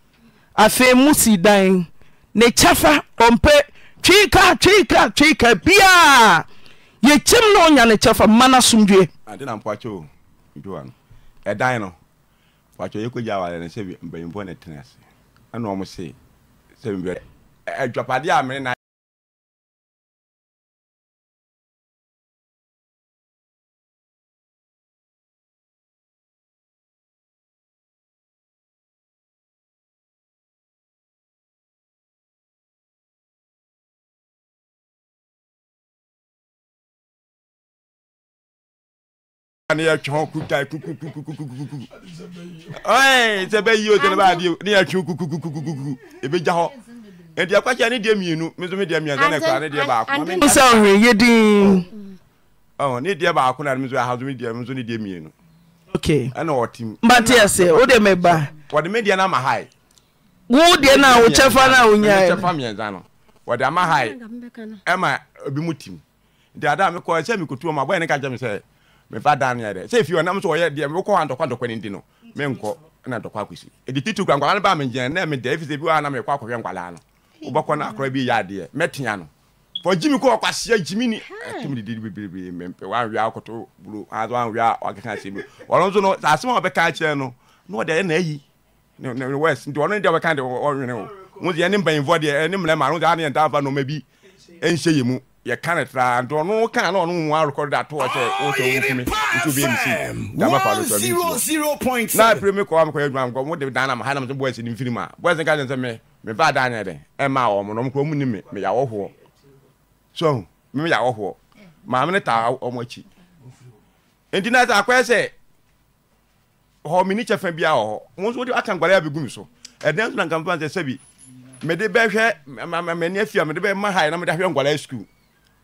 afei mu si dan ne kyɛfa ɔmpɛ twika twika twika biaa yɛkyɛm na ɔnya ne kyɛfa ma ah, e no ɛdan no pakyɛ yɛkɔgya walɛ no sɛ mpanyimfoɔ ne tena ase ɛna ɔmo se sɛ a mene na ne yɛ twɛn kuta kukukukukukuku ɛɛ sɛ bɛ yi o sɛ ne b'a di o ne yɛ twɛn kukukukukuku ebi gya hɔ nti akwakyɛ ne deɛ mienu mi nso mi deɛ mienu ne kura ne deɛ baako. musa ohun ye din. ɔn ne deɛ baako na mi nso aha nso mi deɛ mi nso ne deɛ mienu. ok ɛna ɔti mu. mbate ɛsɛ o de mɛ ba. wɔde mi deɛ na ma ha yi. wo deɛ na o kyɛ fa na o nya yi. o kyɛ fa miɛnsa no wɔde ama ha yi ɛma obi mu ti mu nti ada mi kɔ ɛsɛ mi ko tu ɔmo abɔ yɛn ne ka jɛ mi sɛ mefa dan ne yɛdɛ sɛ fie ɔnam so ɔyɛ deɛ mekɔ hɔ antɔkɔ antɔkɔ no nti no menkɔ na antɔkɔ akɔsi ɛde titi kura nkwalaa no baa megyina na meda ɛfi sɛ bi wɔ na mekɔ akɔhwɛ nkwalaa no wobɛkɔ no akora bi yɛ adeɛ mɛtea no fɔ gyimi kɔ ɔkwaseɛ gyimi ni ɛtum didi bebrebe mɛmpɛ wanwea akɔto buro anso wanwea ɔkeka asɛm bi ɔno nso no sɛ asɛm a wɔbɛka akyerɛ no na ɔde ɛyɛ na ayi west nti ɔno ne deɛ wɔbɛka de ɔnwene o wo deɛ ne mpanyimfoɔ deɛ ne mmerɛma no sɛ ane nɔma bi ɛnhyɛ yɛ mu yɛka ne traa nti ɔno ka na ɔno mu arekɔde ato hɔ sɛ wosɛ wonkumi nti obi mc dama fa lo sɔbi na apire mi kɔɔ mekɔyɛ adwuma mkɔ mode dan nam ha nam sɛ boys ne mfiri mu a boys nka kyɛ sɛ me mefa da nyɛ dɛn ɛma wɔ mo no mkɔ mu ni me meyɛwɔhoɔ so me meyɛwɔhoɔ maame ne taa ɔmo akyi nti na sɛ akɔyɛ sɛ hɔ meni kyɛ fa biaa wɔ hɔ wo nso wode aka nkware abɛgu me so ɛdɛn so na nkamfa sɛ sɛbi mede bɛhwɛ m'ani afia mede bɛma hae na mede ahwɛ nkware skul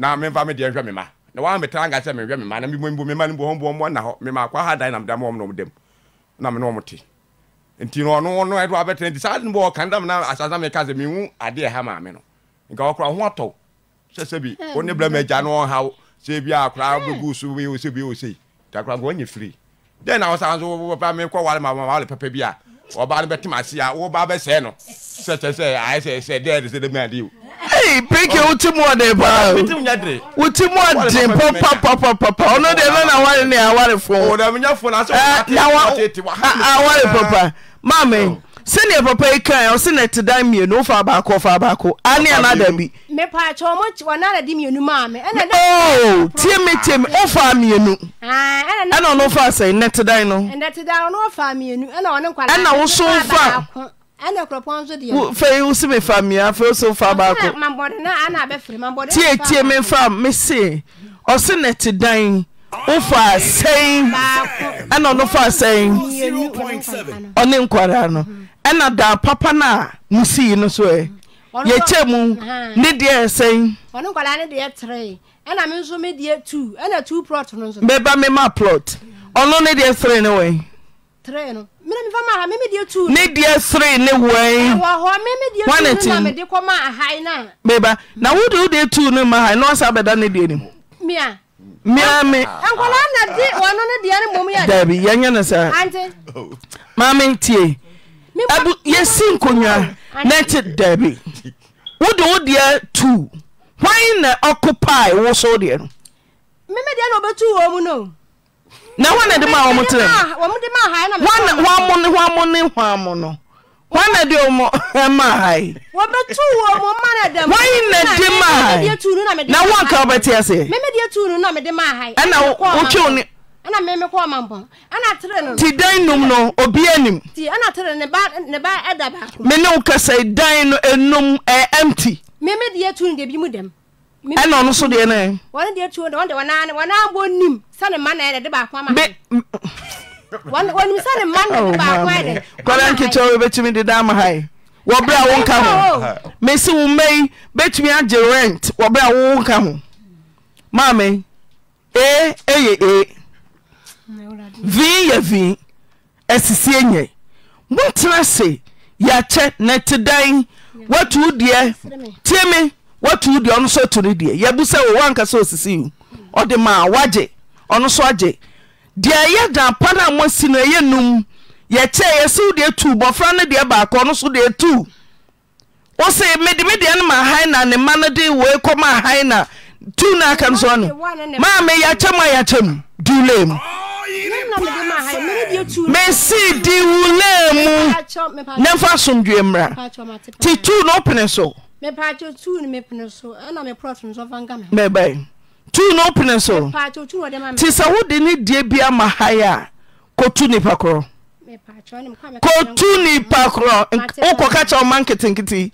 na memfa me deɛ nhwɛ me ma na waa metra nga sɛ mehwɛ me ma na mebɔ mema no bɔhɔ bɔmmɔ na hɔ mema kɔ ha dan na meda ma ɔm na ɔmdam na mene ɔm te nti no ɔno no ɛde wabɛtena nti saa de bɔ ɔkan dam na asasa meka sɛ mehu adeɛ ha maame no nka wɔkora ho atɔw sɛ sɛ bi hmm. wo ne brɛ magya no ɔhaw sɛ bi a koraa bɛgu hmm. so bi ɔsɛ bi ɔsɛi nti akora nka wɔnyɛ firi dɛn na wɔsa nso wɔpɛ mekɔ wale ma wale pɛpɛ bi a ɔbaa eh, ah, ah, ah. no bɛtema ase a wo ba bɛsɛɛ no sɛsɛsɛ ayɛ sɛ sɛ dɛ de sɛ de mɛ adi o. ee peke wo ti mu ɔden paa wo ti mu ɔden papapapapa ɔno deɛ ɛna na awari ne awari fo ɛɛ na wa awari papa maame sɛnea papa yi kan ɔsi na ɛte dan mmienu ofa baako ofa baako ani ana dabi. tie metiem wofaa mmiɛnuɛna ɔno wfa sɛn nɛte dan noɛna woso wfafɛi woseme fa mmiaa fei woso w fa baakotietie me mfa me se ɔse ne te dan wo faa sɛn ɛna ɔnofaa sɛn ɔne nkwara no ɛna daa papa no a me sii no soɛ yɛkyɛ mu ne deɛ ɛsɛn ɔne nkwadaa ne deɛ three ɛna mi nso me deɛ two ɛna two plot no nso meba me ma plot ɔno ne deɛ three ne wɛn three no mena mefa ma ha me me deɛ two ne deɛ three ne wɛn wɔ hɔ me me deɛ two no na mede kɔma ahae no a meba na wode wo deɛ two ne ma ha hae na ɔsa da ne deɛ nim mia mia me nkwadaa na de ɔno ne deɛ ne mmom yɛ dabi yɛnyɛ no saa oh. maame tie abu yɛsi nkonnwa na ɛte daabi wode wo deɛ tu hwan na ɔkopae wo so deɛ no meme deɛ na ɔbɛtu wɔ mu no na hwan na de ma wɔn tena hwan mo ne hwan mo ne hwan mo no hwan na de wɔn ɛma hae wɔbɛtu wɔ mu ma na dɛm hwan na de ma hae na wɔn ka wɔbɛte ase meme deɛ tu no na mede ma hae ɛna wotwe wo ne ti dan nom no obi anim mene wo kɛsɛe dan no nom mtɛna ɔno so deɛ ne kada oh, nketyɛbɛtumi de da ama hai wɔbrɛ a wo nka ho mesi wo mai bɛtumi agye rent wɔbrɛ a wowo nka ho maame yɛe e vii yɛ vii asisie nyɛ montena se yɛakyɛ ne te dan woato wo deɛ tie me deɛ ɔno so ato no deɛ yɛbu sɛ wo osisi wo ɔde maa woagye ɔno so agye deɛ ɛyɛ dana pa no a moasi no ɛyɛ num yɛkyɛ yɛsɛ wo deɛ tuu bɔfra no deɛ baakɔ ɔno so deɛ tuu wo se mede me deɛ no ma hann na ne ma no de wei kɔma hann na tuu no aka no so ano maa yɛakyɛ mu a yɛakyɛ mu dulem mesi di wule mu ne mfa asomdwe mmra te tu no pene so mɛbɛn e tu no pene so te mm, sɛ wode ne deɛ bi ama hae a kɔtu nipa korɔ kɔtu nipa korɔ wokɔ ka kyɛ ɔma nketenkete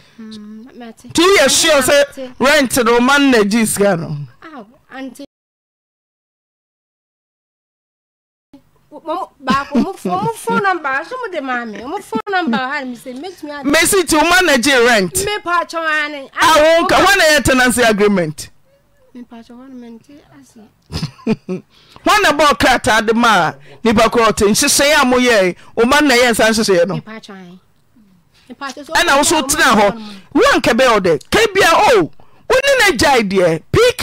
tu yɛ sure sɛ rent no ɔma no na gye sika no mesi ti woma na gye rent awo ah, nka hɔ na yɛ tenancy agreement hɔ *laughs* na bɔɔ krataa de ma a nipa korɔ ɔte nhyehyɛe a moyɛe woma na ɛyɛ nsa nhyehyɛe no ɛna wo so wotena hɔ woanka bɛyɛ wo dɛ ka bia o oh, wone na gyae deɛ pk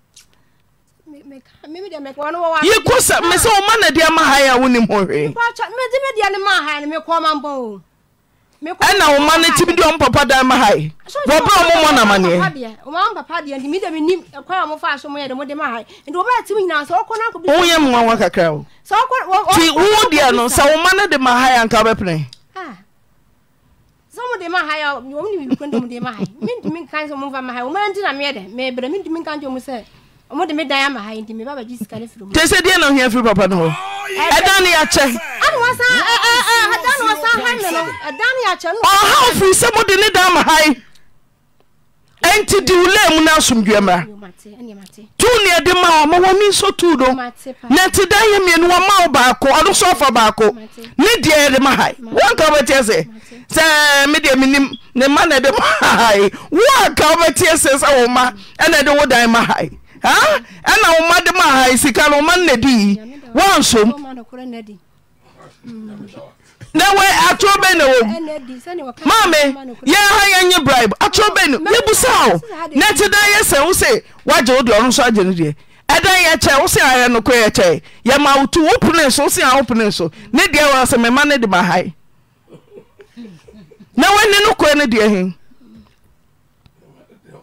yekosɛ mesɛ woma na dea maha a wonim ho hɛna woma no timi de ɔmopapa da ma haioba omomɔ na madeɛwoyɛ me wa wa kakraoti woo dea no sɛ woma no de mahai anka bɛpnɛ ɔmo de mi dan ama ha yi nti mi ba bɛ ji sika ne firi mu. tese diɛ na ohia firi papa ne hɔ oh, ɛdan ne yakyɛ. ɛna wasan ɛ ɛ ɛ ɛdan ne wasan ha ne no ɛdan ne yakyɛ. ɔha ofiri sɛ mo de ne dan ama ha yi ɛnti di wule mu na asomdua mra tuu ne ɛde ma ɔmo wɔn mi nso tuu do na ti dan yɛ mmienu wɔn ma wo baako ɔno so ɔfa baako ne deɛ ɛde ma ha yi wɔn ka wɔbɛteɛ sɛ sɛ me deɛ mi nim ne ma na ɛde ma ha yi wɔn ka wɔbɛteɛ sɛ sɛ wɔn ma ɛna ɛde wo dan ma ha yi. ɛna ma de ma aha sika no yi nnɛ dii woansom mm. na w atorɔ bɛi na wɔm maame yɛha yɛnye bribe atorɔ bɛi no yɛbusa wo na ti da yɛ sɛ wo se woagye wo deɛ ɔno nso agye no deɛ ɛdan yɛkyɛ wo se ayɛ nokɔ yɛkyɛ yɛma woto wo pene so wo se a wo pene so ne deɛ wɔasɛ mema ne de ma hae na woani no koa no deɛ he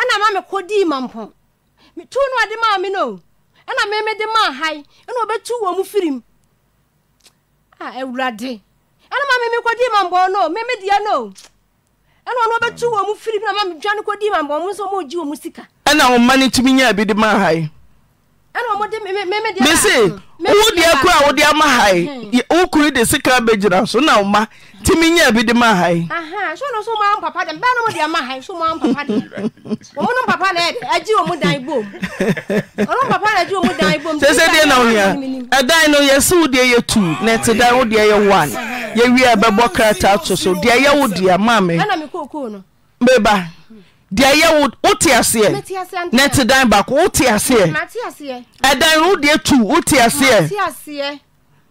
ɛna ma me kɔ dii ma mpɔ tu no ade maa me no ɛna meme de maa hae ɛna wɔbɛtu wɔ mu firim a awurade ɛna ma meme kɔ dii ma mpɔ no meme deɛ no ɛna ɔno wɔbɛtu wɔ mu firim na ma me dwane kɔ dii ma mpɔ mu nso ma ɔgyi wɔ mu sika ɛna wo mma no tumi nyaa bi de maa hae mese wo deɛ kora wode ama hae wo hmm. kuru de sika bɛgyina so na wo ma tìmí nyẹ bi di ma ha yi. so na so mu papa dem, bẹẹ ni mo di ẹ ma ha yi so mu papa dẹ ọmọ *laughs* papa náà yẹ ẹ jí ọmọ dan igbó ọmọ ní papa náà jí ọmọ dan igbó. sẹsẹ diẹ na ohun ya ẹdan e no yẹ siw diẹ yẹ two na ẹtì dan o diẹ yẹ one yẹ wi ẹ bẹ bọ krataa to so diẹ yẹ wo diẹ maame. ẹna mi kó kó no. mbeba deɛ yɛ wo wote aseɛ na ɛte dan baako wote aseɛ ɛdan e no wodeɛ tu wote aseɛ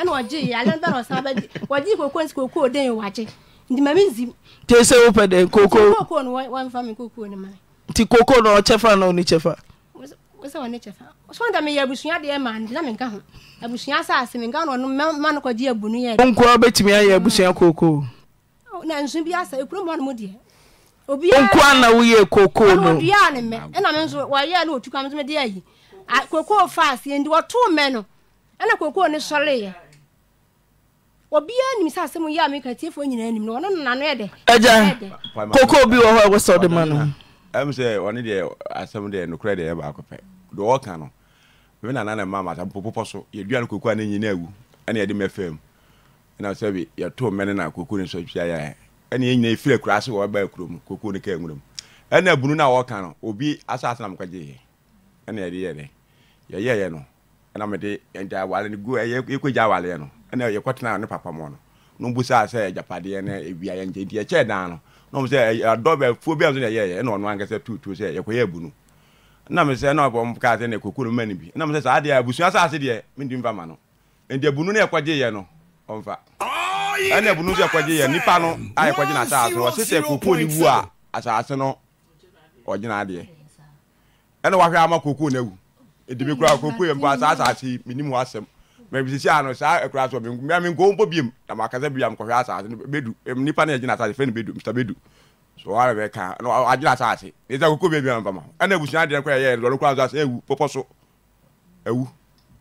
ɛna ɔgye yi alan bɛrɛ ɔsaba di ɔgye koko nsi koko den yi wagye nti maame zi. te sɛ o pɛ dɛ koko. koko no wɔn fa mi koko no ma. nti koko no ɔkyɛ fa na ɔni kyɛ fa. wosɛ ɔni kyɛ fa sɔɔni ta mi yɛ abusua deɛ ma nti na mi nka ho abusua saase mi nka ho ɔno ma no kɔgye abu no yɛ. nkoa bɛtumi ayɛ abusua koko. na nsu bi asa ekuro mu ɔnom deɛ. nkoa na woyɛ koko no. ɔno dua ne mɛ ɛna mi nso wɔyɛ no otu kan mi nso mi de ayi koko fa aseɛ nti mɛ no ɛna koko ne sɔre yɛ. obiara nim sɛ asɛm yi a meka tiefoɔ nyinaa nim no ɔno no nano ɛdɛ agya koko bi wɔ hɔ a ɛwɔ sɛ ɔde ma no ɛm sɛ ɔne deɛ asɛm deɛ nokorɛ deɛ ɛyɛ baako pɛ deɛ ɔka no me nana ne mama ta popopɔ so yɛdua no koko a ne nyina awu ɛne yɛde mɛ fam ɛna sɛ bi yɛtoo mɛ na koko ne sɔ twia ɛne yɛ nyina ɛfiri akura ase wɔ kurom koko ne kaa nwuram ɛna bunu no a wɔka no obi asase na mokɔgyeeɛ ɛne yɛde yɛ dɛ yɛyɛyɛ no ɛna mede nti awale no gu ɛyɛ yɛkɔgya awaleɛ no ɛna yɛkɔtena ne papa mɔ no no busaa sɛ agyapadeɛ no ɛwia yɛ nkyɛ nti ɛkyɛɛ dan no na ɔm sɛ adɔ bɛfuo bi a so ne ɛyɛyɛ ɛna ɔno ankasɛ tuotuo sɛ yɛkɔyɛ abu no na me na ɔbɔ kaa sɛ ne koko no ma no bi na me sɛ saa deɛ abusua saase deɛ mentim fa ma no enti abunu no yɛkɔgyeyɛ no ɔmfa ɛna abunu nso yɛkɔgyeyɛ nipa no a yɛkɔgye no asaase no ɔse sɛ kokoo no wu a asaase no ɔgyena adeɛ ɛna wahwɛ ama kokoo no awu ɛdi bi koraa yɛ mpo asaase yi menim hɔ mɛbi sisi ano saa ekura so mi mi nko mpo biem na ma kasa biem kɔhwɛ asaase no bedu nipa ne egyina asaase fɛn no bedu mr bedu so wɔn arɛ bɛ kan na agyina asaase ne nsa koko biem biem pama ɛna ebusua deɛ kora yɛ lɔri kora asaase ewu pɔpɔ so ewu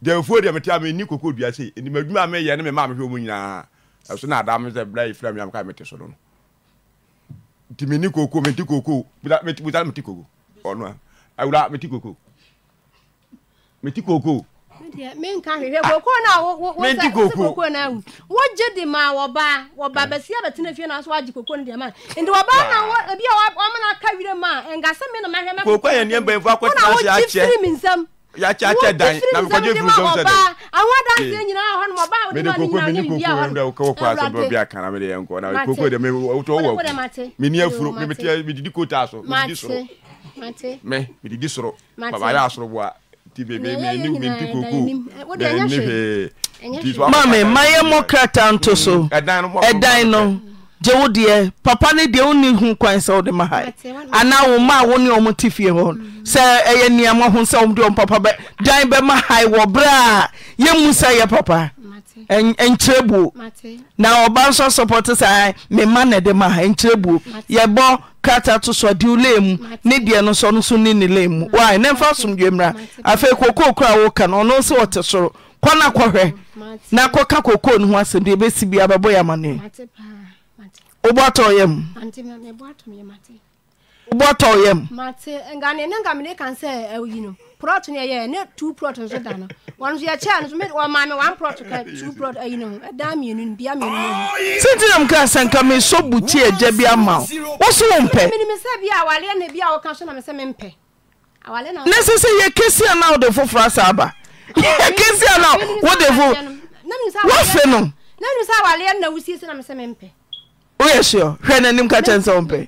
dɛnfuo deɛ mi ti a mi ni koko dua se enim edwuma mi yɛ ne mi maa mi hwɛ omu nyinaa ɛso na adam sɛ bila yi fira mi am ka mi ti so no nti mi ni koko mi ti koko buta mi ti koko ɔno a awura mi ti koko mi ti koko menka hwehwɛ kokoo na wosɛ kokoo na awu wogye de ma wɔba wɔba eh. bɛsi abɛtena fie na so wagye kokoo no deɛma na ebi ah. a ɔmana aka werɛ mu a ɛnkasɛ me na mɛhwɛ mɛkokoo eh. yɛ nneɛ mbɛmfo akɔtena se akyɛ wona wogye firi mi nsɛm yakyɛ akyɛ dan na mekɔgye firi nsɛm sɛ dɛ ahodanseɛ nyinaa hɔ nom ɔba mede kokoo mene kokoo dɛ wokɔ kɔ ti bebe mi anim mi nti koko bẹẹ ni hwẹ. maame ma yẹ mọ krataa nto so ɛdan mm. no gye wo deɛ papa ne deɛ wonni ho kwan sɛ wode ma hae anaa wo ma a wo ne ɔmo te fie hɔ mm-hmm. sɛ ɛyɛ nneɛma ho sɛ wode ɔm papa bɛ dan bɛma hae wɔ berɛ a yɛmu sɛ yɛ papa nkyerɛ buo na ɔba nso sɔpɔte sɛ mema na ɛde ma ha nkyerɛ buo yɛbɔ kata to sɔ ule emu le mu ne deɛ no sɔ no so le mu ne mfa somdwammira afei a woka no ɔno sɛ wɔte soro kwa kɔhwɛ na kɔka kokoo no ho asɛm deɛ ɛbɛsi bia bɛbɔ bɔtɔ yɛ mu. mate nga ne ne nga mi ne kan sɛ ɛyi no prɔt ne yɛ ne two prɔt nso da no wɔn nso yɛ kyɛ no mi maa mi one prɔt kɛ two prɔt ɛyi no ɛdan mienu no bia mienu no. sintin mu ka sɛ mi so buti ɛgya bi ama o woso wɔn pɛ. mi ni mi sɛ bi awale ne bi a wɔka so na mi sɛ mi mpɛ awale na. ne sɛ sɛ kesi ana o de foforɔ asa aba yɛ kesi ana o de fo wɔfɛ no. ne mi sɛ awale na wusie sɛ na mi sɛ mi mpɛ. o yɛ sure hwɛ n'anim ka kyɛn sɛ o mpɛ.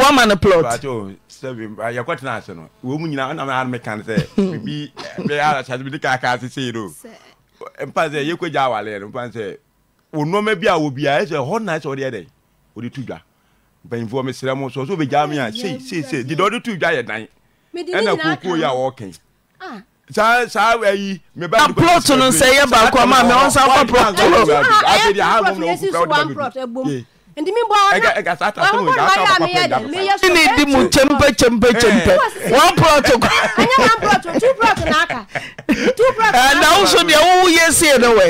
one man plot. Pacho, sẹbi yẹkọ tena ase no wo mu nyinaa ọnam anam kan sẹ bibi bẹ ara sadi bi de kaka sise yi do mpa sẹ yẹ kọjá awale yẹn mpa sẹ onọọma bi a obi a ẹsẹ hɔ na ẹsẹ ɔde yɛ dɛ ɔde tu dwa mpanyinfoɔ mi srɛ mo sɔ so bɛ gya mi a sei sei sei dida ɔde tu dwa yɛ dan ɛna koko yi a wɔɔkɛn saa saa ayi mɛ ba dugu plot no sɛ yɛ baako ama mɛ wɔn san kɔ plot. ɛɛ ɛɛ ɛɛ ɛɛ ɛɛ ɛɛ ɛɛ ɛɛ ɛɛ ɛɛ ɛɛ nedi mu kyɛmpɛ kyɛmpɛ kyɛmpɛ aprtnawo so deɛ wowo yɛ sie ne wɛ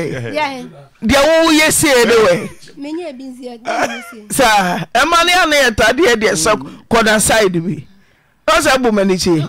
deɛ wowo yɛsie ne wɛ sa ɛma ne ano yɛtadeɛ deɛ sɛ kɔnaside bi asa bo mane kyie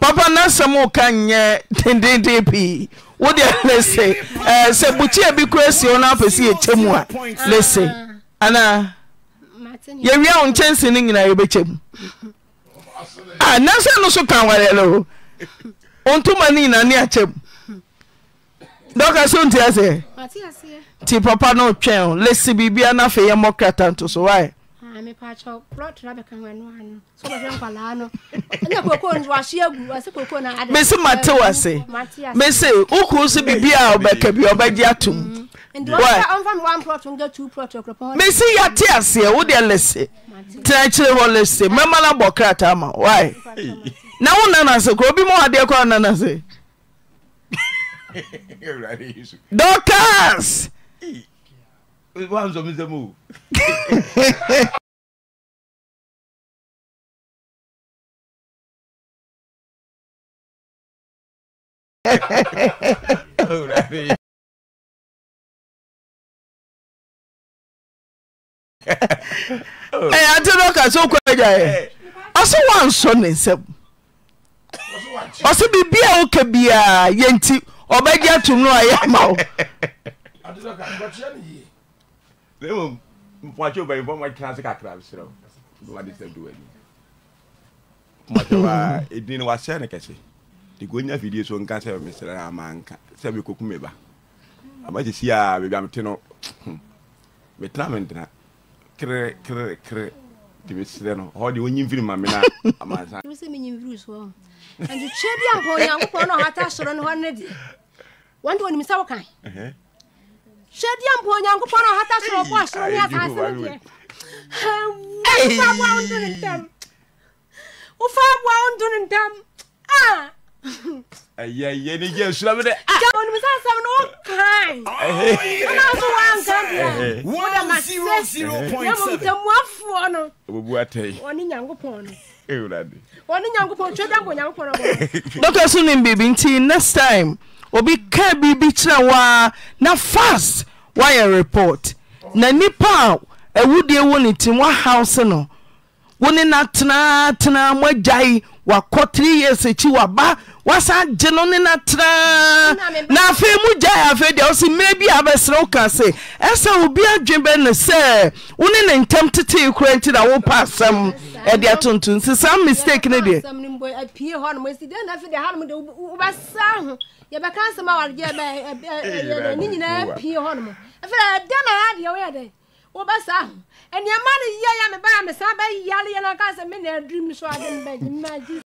papa na sɛm woka nyɛ dendeden bii wodeɛ lɛse sɛ bokea bi kora si wo no apɛsɛ yɛkyɛmu a lɛse anaa yɛwia o nkyɛsi no nyina yɛbɛkyɛm nasɛ no so ka wae o ɔntoma no nyina ne akyɛm dɔka sɛ nti asɛ nti papa no ɔtwɛn o lese biribia no afe yɛmmɔ kratanto so mɛse matewase mse mm, woku so birbiaa wobɛka bia ɔbɛgye tommɛsi yateaseɛ wode lese tenakyere hɔ lese mɛmala bɔ krataama na wonano se kuro obi ma wade koa onanose das Who that is? Ẹ ati na ọka so kura gya yẹ. Ọsọ wa nsọ ne nsam. Ọsọ biribi a oke biara yẹ nti ọbẹ gya tum na ọyẹ ama o. Ati na ọka nkọchia ni yie. Lẹ́wọ̀n mpọ̀nàkye obìnrin bọ́n wọn kíláàsì kakra sẹ́wọ̀n. Bọ́n wọn adi sẹ́wọ̀n duwẹ̀ ni. Mpọ̀nàkye wa edin ni wa sẹ́yìn kẹsì de ko nya fidie so nka sɛ mesrɛ na amanka sɛ mekɔku me ba ama kyesi a baabi a mete no hmm. metena mentena kere kere kere nti mesrɛ no hɔ de ɔnyi mfiri ma me na amansa sɛ menyi mfiri so ɛnti kyɛ bi a hɔ onyankopɔn na ɔhata soro no hɔ no deɛ wɔnde wɔnim sɛ wokan kyɛ bi a mpo onyankopɔn na ɔhata soro ɔbɔ asoro ne asase no deɛ wofa aboa wo ndo ne ntam wofa aboa wo ndo ne ntam ah! ɛyɛ ɛyɛ ne yɛ nsura mi dɛ. Ah! jamu ni musa sɛm n'o kan ye o n'a sɔ wa n kan bi yan o da ma se ne mu tɛ mu afɔ nɔ. o bɛ bu a tɛ ye. wa ni ɲangu pɔn nɔ. e y'o la de. wa ni ɲangu pɔn tso danko ɲangu pɔn nɔ. dɔkɛ sun ni bibi nti next time obi ka biribi kyerɛ wa na fast wayɛ report na nipa a ɛwudie wɔ ne ti mu ahawse no wɔne na tenatena mo agyae wakɔ three years akyi waba wasan gye no ne na traa na afei mu gyae afei deɛ ɔsi mmerɛ bi a bɛsrɛ se ɛsɛ obi adwen bɛ ne sɛ wo ne ntɛm tetee kora nti na wopa asɛm ɛde atonto nti saa mistake ne deɛ yɛbɛka asɛm a wɔde ne nyinaa pie hɔ nom ɛfɛ dɛ na adeɛ woyɛ dɛ wobɛsaa ho nneɛma no yie yɛ meba yɛ mesan bɛyare yɛ no ka sɛ me na adurum so ade mbɛgye mmagye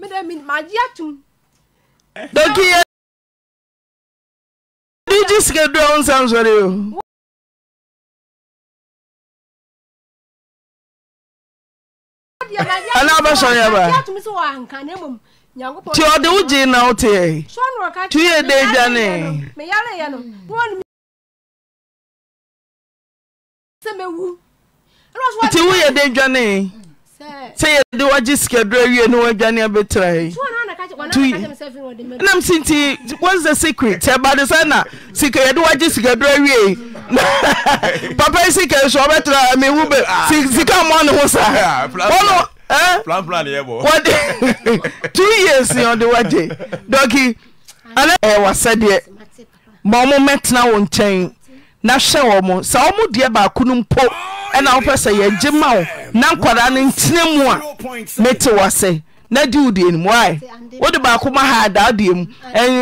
mede mi magye atum dokiɛ digyi sikadua wo nsɛm sɔre o anaa wobɛsɔreabaati ɔde wo gyee na wo teɛnti woyɛ dɛn adwanee nti woyɛ dɛn adwanee sɛ yɛde w'agye sikaderɛ awie no wo adwane abɛtrae ɛnam snti s secret ɛ ɛba de sa na sika yɛde woagye sikaderɛ we papa sikehɛ obɛtraam sika moane ho sat yeasd w nɛwsɛdeɛ mamomɛtena wo nkyɛ na hyɛ wɔ mo sɛ wɔmo deɛ baakono mpo ɛna wopɛ sɛ yɛgye ma o na nkwara no nkyena mu a mete w sɛ na di wo deɛ nimu ae wode baako ma ha daa deɛ mu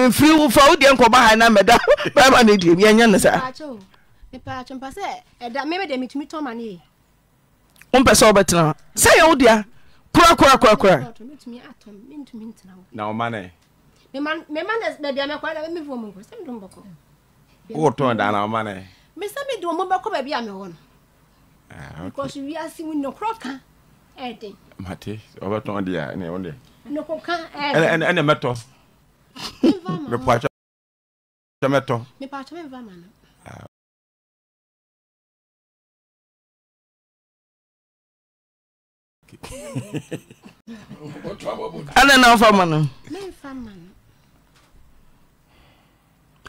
mfiri wo fa wodeɛ nkɔma ha na mɛda *laughs* bɛma no deɛ mu yɛnyɛ no saa wompɛ sɛ wobɛtena sɛ yɛ wo dea kora kora kora kora na ɔma ne wowɔtɔn daa na ɔma ne mesɛ mede ɔmo bɛkɔ baabi a mewɔ no ah, because wiase mu nokorɔ ka ɛden mate ɔbɛtɔn deɛ ɛnɛ ɔn deɛ ɛnɛ mɛtɔ mepɔatwa mɛtɔ mepɔatwa mɛmfa ma no adɛn na wofa ma no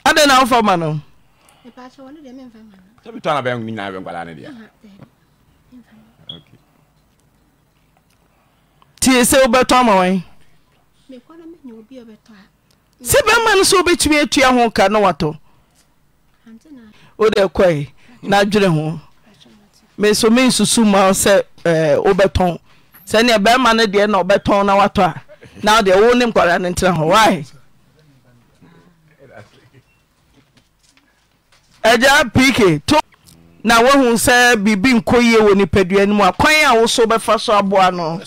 adɛn na wofa ma no sɛ metɔ na bɛnyinaa bɛnkwalaa no deɛ tie sɛ wobɛtɔ ama wan sɛ bɛma no sɛ wobɛtumi atua ho ka na watɔ wode kɔe na adwere ho meso mensusu ma wo sɛ eh, wobɛtɔn sɛnea bɛrima no deɛ na ɔbɛtɔn na watɔ a na deɛ wo ne nkwara no ntena ho why agya pk to na woahu sɛ biribi nkɔ yie wɔ nipadua no mu a kwan a so bɛfa so aboa no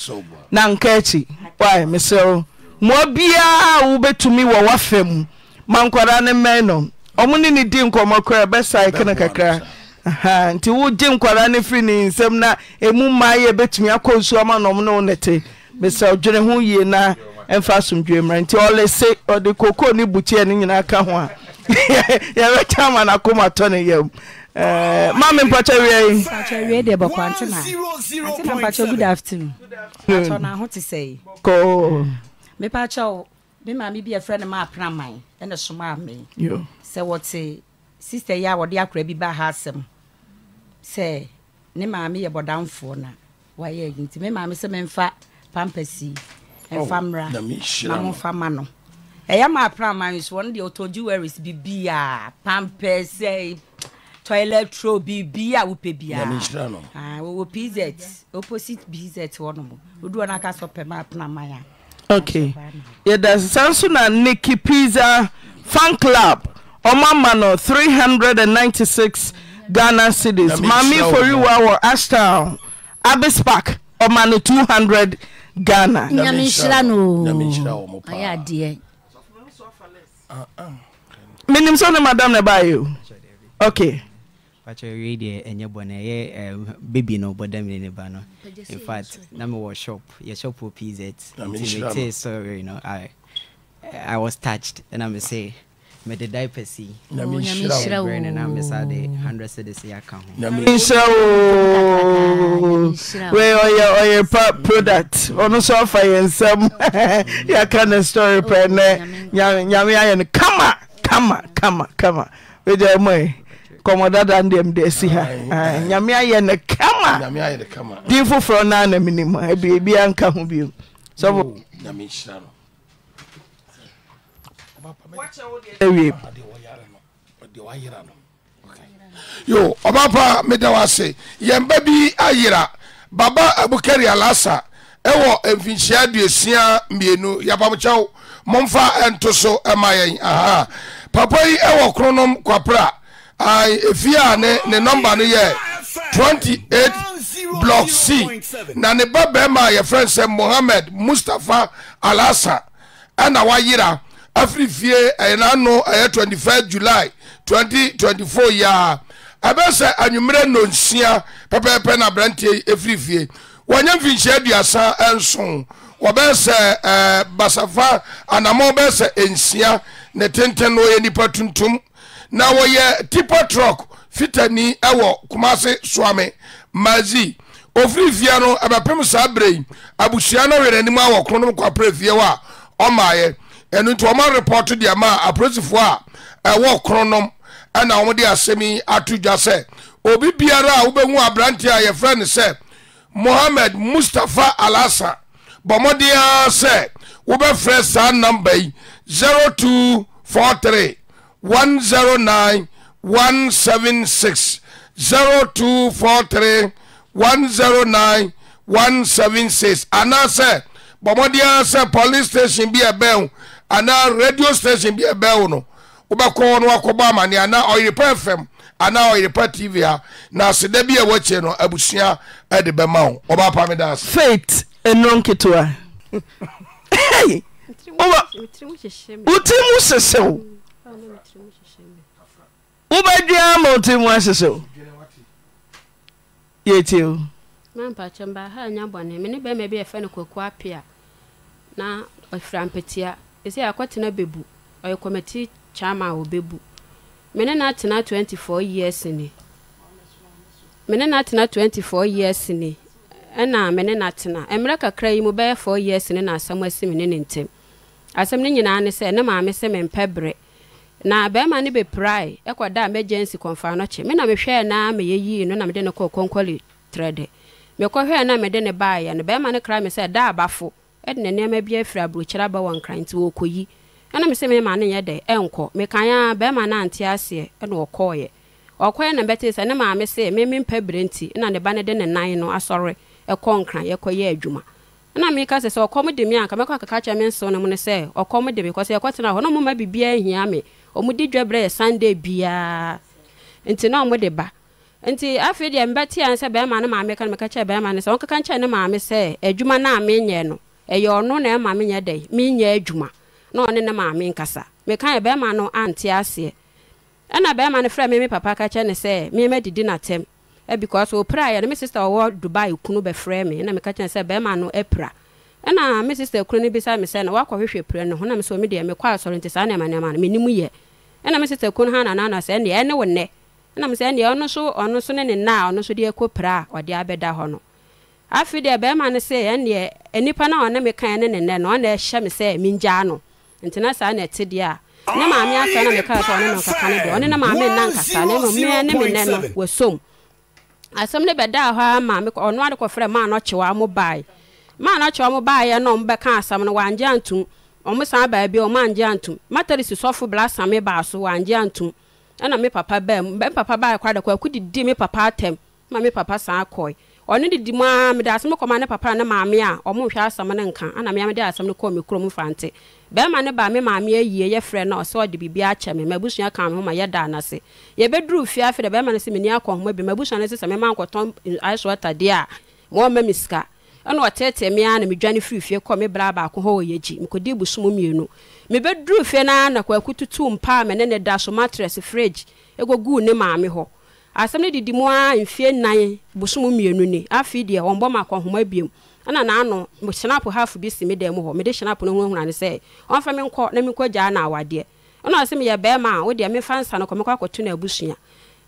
na nka akyi w mesɛo mmoa biara wobɛtumi wɔ woafa mu ma ne mmɛn no ɔmo ne ne di nkɔmmɔ koraa bɛsae kene kakra nti wogye nkɔda no firi ne nsɛm na ɛmu maa yɛ bɛtumi akɔ nsuama nɔm ne wo ne te mesɛ dwene ho yie na ɛmfa asomdwe mmara nti ɔle se ɔde kokoo ne butia no nyinaa ka ho a *laughs* yɛbɛkya ma ne Eh, mami mpacha wie yi. mpacha wie bɔ na ante na good afternoon. mpacha na ho te sɛ yi. koo. mipacha o mi maame bi efra ne ma apena man ɛna soma ame. sɛ wɔte sista yi a wɔde akora bi ba ha asɛm sɛ ne maame yɛ bɔdanfoɔ na wayɛ yi nti mi maame sɛ pampasi oh, na mo mfa ma no ɛyɛ ma man so wɔn deɛ ɔtɔ jewelries bi bi a pampasi. toilet roll biribiaa wopɛ biaawɔwɔ ah, bz opposite bz hɔ nom woduɔ no aka sɛ pɛ ma apenaman a ok yɛda saa nso na niki pizza fan club ɔma ama no 396 ghana cities maame foriwa wɔ ashtown abis park ɔma no 200 ghana nyame nhyira no ayɛ adeɛ menim sɛ ne madam ne baayɛ okay pakyɛ wie deɛ ɛnyɛ bɔne ɛyɛ baby no ɔbɔda mine the ba no infact na mewɔ shop yɛ shop wɔ pz nti metee sorry no I, i was touched ɛna me se mede diapers yi brɛ no na mesa de 100 cedis yɛ aka honhyira wo wei ɔyɛ ɔyɛ pa product ɔno nso afa yɛ nsɛm yɛaka ne story pɛ nɛ nyame ayɛ no kama kama kama kama wegya mɔe kɔmɔdada ndɛm de asi ha ah, nyame ayɛ ne kama din foforɔ no ana menim abiebia nka ho bio sɛfo yo ɔba pa meda wo ase yɛmba bi ayera baba abukari alasa ɛwɔ mfinhyia aduosia mmienu yɛpamkyɛw momfa ɛnto so ɛma yɛn aha papa yi ɛwɔ kronom kwapra ɛfie a e ne nɔmba no yɛ 28 block s na ne ba bari ma yɛfrɛ m sɛ mohamad mustapfa alasan ɛna woayera afiri fie ɛyɛnano ɛyɛ 25 juli 2024 yi a ɛbɛɛ sɛ anwummerɛ nɔnsia pɛpɛɛpɛ naberante ɛfiri fie wɔanyɛ mfiinhyi aduasa nso wɔbɛɛ sɛ basafa anama wɔbɛɛ sɛ nsia ne tenten noɔyɛ nnipa tontum na wɔyɛ tipa truck fitani ɛwɔ kumase soame mazi ofiri fie no ɛbɛpem saa berɛ yi abusua no werɛ anim a wɔkronom kwaprɛ fie hɔ a ɔmaeɛ nti ɔma repɔto deɛ ma apolisifoɔ a ɛwɔ kronom ɛna wɔde asɛm yi ato dwa sɛ obi biara a wobɛhu aberanteɛ a yɛfrɛ no sɛ mohammed mustapha alasa bɔ mmɔden ara sɛ wobɛfrɛ saa namba yi three. One one one zero zero zero nine seven six two four three nine one seven six. 176 anaasɛ bɔmmɔdeɛ sɛ police station bi ɛbɛn o anaa radio station bi ɛbɛn o no wobɛkɔ hɔ no wakɔbɔ amane anaa ɔyerepa fm anaa ɔyerepa tv ha na aseda bi a wɔakyie no abusua de bɛma wo ɔba pa me da ase faith ɛno nketewa wotirim hyehyɛ wo wobɛdwua ma otim wo ahyehyɛw yɛtio mampakyɛ mbaaha nya bɔne mene bɛma bi ɛfɛ no kwaku ape a na ɔfira mpatia ɛsɛ akɔtena bɛbu ɔyɛ kɔmati chama a wɔbɛbu mene na tena 24 years ni mene na tena 24 years ni ɛna mene na tena mmerɛ kakra yi mu bɛyɛ 4 years ni na asɛm asi mene ne ntɛm asɛm no nyinaa ne sɛ ne maame sɛ mempɛ berɛ na bɛrima no beprae ɛkɔ da emergency kɔmfa no kye me na mehwɛɛ na meyɛ yii no na mede ne kɔɔ kɔnkɔle trɛde mekɔhwɛɛ na mede ne baeɛ no bɛrima no kra me sɛ da abafo ɛde ne nneɛma bi afiri aburokyerɛ aba wɔ nkra nti wɔkɔyi ɛna me sɛ me ma no nyɛ dɛ ɛnkɔ mekan a bɛrima no ante aseɛ ɛna ɔkɔɔeɛ ɔkɔɛ na bɛtee sɛ ne maame se me mempɛ berɛ nti na ne ba no de ne nan no asɔre ɛkɔ nkra yɛkɔyɛ adwuma na meka sɛ sɛ ɔkɔm de me anka mɛkɔ akaka kyerɛ me nsew no mu no sɛ ɔkɔm de me kɔ sɛ yɛkɔtena hɔ na moma biribiaa hia me wɔn di dwabrɛ yɛ sunday biara nti na wɔn de ba nti afei deɛ mbɛte a sɛ bɛrima ne maame ka no meka kyerɛ bɛrima ne sɛ wɔnkeka kyerɛ ne maame sɛ adwuma no a menyɛ no ɛyɛ ɔno na ɛma menyɛ dɛ menyɛ adwuma na ɔne ne maame nkasa meka yɛ bɛrima no ante aseɛ ɛna bɛrima no frɛ me me papa ka kyerɛ ne sɛ mema didi n'atɛm ɛbikɔso opira yɛ no me sista ɔwɔ dubai kunu bɛfrɛ me na meka kyerɛ sɛ bɛrima no apira ɛna me sister kuro no bisa me sɛ na wakɔhwehwɛ pirɛ no ho na mesɛ me deɛ mekɔ asɔre nti saa nneɛma nneɛma no menim yɛ ɛna me sister kuro no ha nana na sɛ ɛneɛ ɛne wo nnɛ ɛna me sɛ ɛneɛ ɔno so ɔno so ne ne na a ɔno so deɛ kɔ pirɛ a ɔde abɛda hɔ no afi deɛ bɛrima no sɛ ɛneɛ nnipa no a ɔne me kan ne ne nnɛ no ɔna ɛhyɛ me sɛ mengyaa no nti na saa na ɛte deɛ a ne maame asa na mekaa sɛ ɔne no nkasa no deɛ ɔne ne maame nna nkasa ne mmɛ ne me nnɛ no wɔsom asɛm no bɛdaa hɔ a ma ɔno ade kɔfrɛ maa no ɔkyewa mo bae maa na kyerɛ ɔmo baayɛ na ɔmo bɛka asɛm no wangye antum ɔmo san baabi ɔmo angye antum matarisi sɔfo blasame baa so wangye antum ɛna me papa baa mu me papa baa kɔ adakɔ ɛko didi me papa atɛm ma me papa san akɔe ɔno didi mu aa mede asɛm kɔma ne papa ne maame a ɔmo nhwɛ asɛm no nka ɛna mea mede asɛm no kɔɔ me kurom fante bɛrima ne baa me maame ayie yɛfrɛ no ɔsɛ ɔde biribi akyɛ me mabusua ka me ho ma yɛda anase yɛbɛduru fie afei dɛ bɛrima no sɛ meni akɔ homa bi mabusua no sɛ sɛ mema nkɔtɔn eh, ahyɛ ɔtadeɛ a ma ɔma me sika ɛna ɔtɛɛtɛɛ me ara na medwane firi fie kɔ me bra baako hɔ ɔyɛ gyi mekɔdi busom mmienu mebɛduru fie no na kwaku tutu mpa a mene ne da so matress fridge ɛgɔguu ne maame hɔ asɛm no didi mu ara mfie nnan bosom mmienu ni afei deɛ ɔmbɔ ma akɔhoma biom ɛna naano hyenapo half bi si me dan mu hɔ mede hyenapo no hunahuna ne sɛ ɔmfa menkɔ na menkɔgyaa na awadeɛ ɛna ɔsɛ meyɛ bɛrima a wodeɛ m'efa nsa no kɔ akɔto no abusua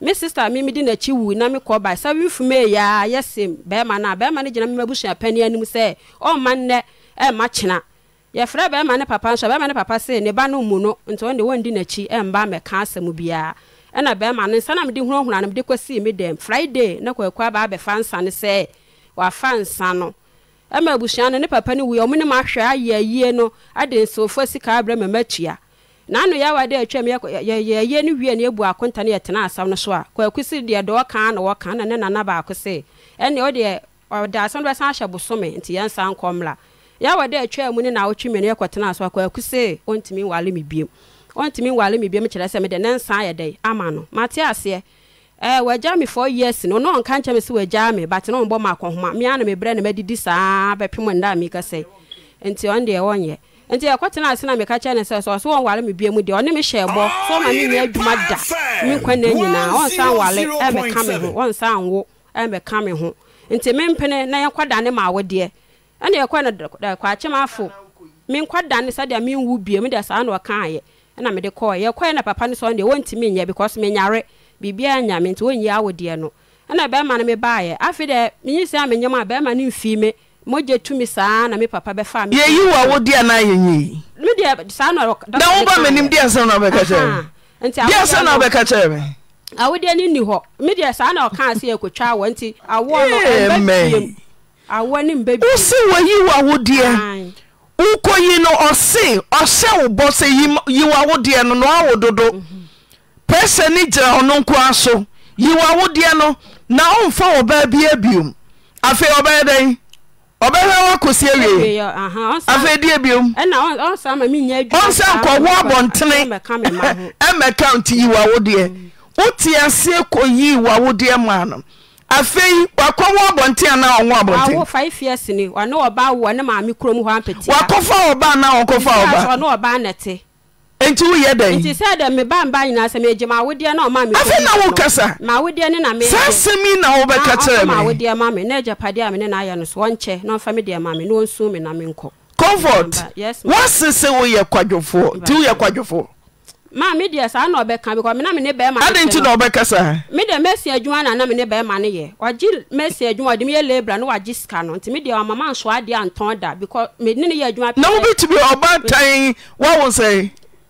me sista mi mi di n'akyi wu na mi kɔ ba sɛbi fume yaa yɛ sem bɛrima na bɛrima no gyina mi ma busua pɛni anim sɛ ɔma nnɛ ɛma e kyena yɛfrɛ bɛrima ne papa nso bɛrima ne papa se ne ba no mu no nti wɔn de wɔn di n'akyi ɛmba e mɛka asɛm biara ɛna bɛrima no nsa na mi di hunahuna na mi di kɔsi mi dɛm friday na kɔ ɛkɔ aba abɛfa nsa no sɛ wafa nsa no ɛma abusua no ne papa no wu yɛ ɔmo ne ma ahwɛ ayɛ ayie no ade nsofo sika abirɛ mɛmɛ tua nanu yɛ awa dɛ atwam yɛyɛ no wie ne ebu akonta ne yɛtena asam no so a kwaku deɛ dɔ ɔka na wɔka na ne nana baako se ɛnna ɔdeɛ ɔde asam no bɛsan ahyɛ bosome nti yɛn nsa nkɔ mmra yɛ awa dɛ atwam ne na awotwi mmienu yɛkɔtena so a kwaku se ɔntumi nwale mi biem ɔntumi nwale mi biem kyerɛ sɛ me de ne nsa ayɛ dɛ ama no mate aseɛ ɛɛ eh, wagya mi four years no ɔno ɔnka nkyɛn mi si wagya mi but ne ɔnbɔ mu akɔnhoma mmea na mi brɛ na mi adidi saa bɛpem nda mi kɛse nti ɔn deɛ ɔnyɛ nti ɛkɔtena ase na meka kyerɛ ne sɛ sɛ ɔso wɔnware me bia mu deɛ ɔne me hyɛ bɔ oh, so ɔma menya adwuma da me nkwanna nyinaa ɔnsan wale ɛmmɛka me ho ɔnsan wo ɛmmɛka me ho nti mempene na yɛnkɔda ne ma awodeɛ ɛne yɛkɔ no kwakyem afo menkɔda ne sɛdeɛ menwu bia mu deɛ saa na ɔkaeɛ ɛna mede kɔɔ yɛkɔɛ na papa no sɛ ɔndeɛ wɔntimi nyɛ because menyare biribiaa nya me nti wɔnyi awodeɛ no ɛna bɛrima no mebaeɛ afei deɛ menyi sɛ a menyam a bɛrima no mfii me iɛ woba m'ani e asɛ no bkakesɛ no bɛka k mwosɛ wɔyi wwodeɛ wokɔ yi no ɔse ɔse wobɔ sɛ yiwwodeɛ no na awododo mhm. pɛ sɛ ne gyira ɔno nko a so yiwɔwodeɛ no na omfa wɔbaa bia abiom afei ɔbɛyɛdɛn ɔbɛhwɛ woakɔsi awiei afei deɛ biom ɔnsa nkɔho abɔntene mɛka nti yi wawodeɛ wote aseɛ kɔyii wawodeɛ maa no afei wakɔ ho abɔnten ana ɔwo abɔnten wakɔfa wɔba ana ɔkɔfa wɔba nti woyɛ dɛn nti sɛ dɛ me bamba nyinaa sɛ megyema awodeɛ na ɔma me afei na wokasa ma awodeɛ ne na me saa asɛm yi na wobɛka kyerɛ me awodeɛ ma me na agyapadeɛ a me ne no ayɛ no so ɔnkyɛ na ɔmfa me deɛ ma me na ɔnsu me na menkɔ comfort woase sɛ woyɛ kwadwofoɔ nti woyɛ kwadwofoɔ maa mi deɛ saa na ɔbɛka bi kɔ mi na mi ne bɛrima ne adi nti na ɔbɛka saa mi deɛ mɛsi adwuma na na mi ne bɛrima ne yɛ wagye mɛsi adwuma ɔde mi yɛ labra ne wagye sika no nti mi deɛ ɔmama nso adeɛ antɔn da bikɔ mi ne ne yɛ adwuma. na wo bi tibi ɔbaatan wawo sɛn.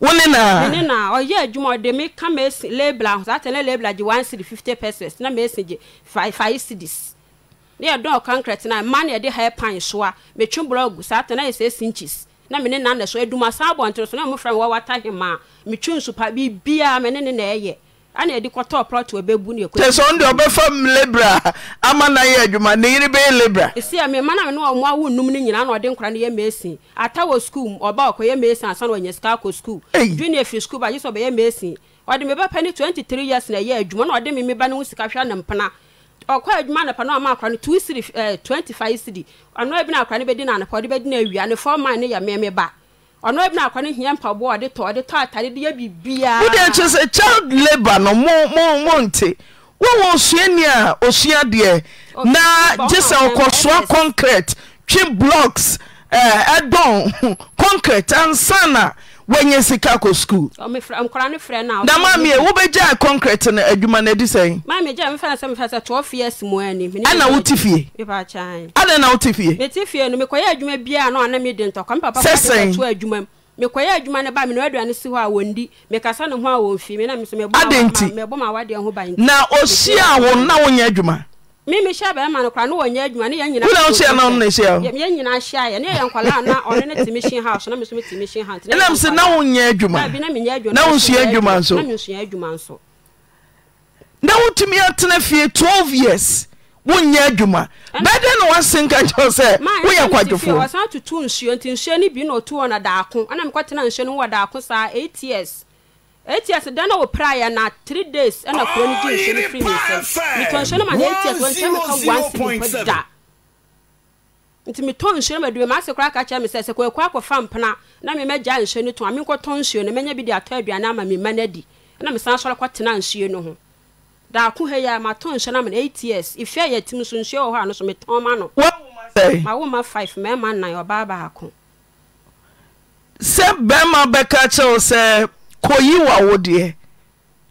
wo ne na. ne na ɔyɛ adwuma ɔde mi ka ma esi label ahosuo ati ne label agye one cedi fifty pesos na ma esi gye five five cedis ne yɛ dɔn concrete na mmaa na yɛde hair pan so a metwi blɔɔgu saa ati na yɛ sɛ inches na mene nan na so aduma saa abɔnten so na mo fɛn wɔ wata hema metwi nsupa biribiara mene ne na ɛyɛ ana yɛde kɔtɔ plot wɔ bɛbu ne yɛkɔ. tẹsán ɔn de ɔbɛfa mu lebra ama na yɛ adwuma ne yiri bɛyɛ lebra. esi a mi mana mi ne wɔn awo num ne nyinaa na ɔde nkora ne yɛ meesin ata wɔ sukuu ɔba ɔkɔ yɛ meesin asan wɔ nyɛ sika akɔ sukuu junior fi sukuu ba yi sɛ ɔbɛyɛ meesin ɔde mi ba pɛ ne twenty three years na ɛyɛ adwuma na ɔde mi mi ba ne ho sika hwɛ ne mpana ɔkɔ adwuma anapa na ɔma akora no two siri eh, twenty five siri ɔno ebi na akora no bɛdi na anapa ɔde bɛdi na awia ne four man ne yɛ mɛmɛ ba ɔno ebi na akɔne hia mpaboa ɔde tɔ ɔde tɔ atade de bibia. wúdi ɛkyɛ sɛ child labour no mo mo mo nti wọn wọn osuani a osua deɛ na gye sɛ ɔkɔsoa concrete twi blocks ɛɛ eh, ɛdɔn concrete ansana. woanyɛ sikako scuulna ma mie wobɛgyae konkrit no adwuma no adi sɛnɛf smniwid na wofiefie n ekɛ adw bannmede pasɛ sɛ adwma mekɛ adwuma no ba mnn s hɔw mekasa no hof adɛn nti na ɔsiaa won na wonyɛ adwuma mmehyɛ bɛma now wosnnnɛnam sɛ na wonyɛ adwumana wosua adwuma so w na wotumi ɛtena fie 12 years wonnyɛ adwuma badɛn no wase nkakyɛ sɛ woyɛ kwadwefoɔds ats da na wo praeɛ na three days ɛna kuro no gye nhyɛ no firi me nsɛm metɔ nhyɛ no ma na ats wɔnhyɛ meka wanse nipa da nti metɔ nhyɛ no madume maase koraa ka kyerɛ me sɛ sɛ kɔɛkɔ akɔfa mpena na memɛgya nhyɛ no to a menkɔtɔ nhyɛ no mɛnya bi de atɔ aduane ama mema no adi ɛna mesan sɔre kɔtena nhyɛ no ho daako ha yi a matɔ nhyɛ no ama no 8 years ife a yɛtim so nhyɛ wɔ hɔ a no so metɔn ma no mawoma 5 mɛma nan ɔbaa baako sɛ bɛrima bɛka kyerɛw sɛ kɔyi wawo deɛ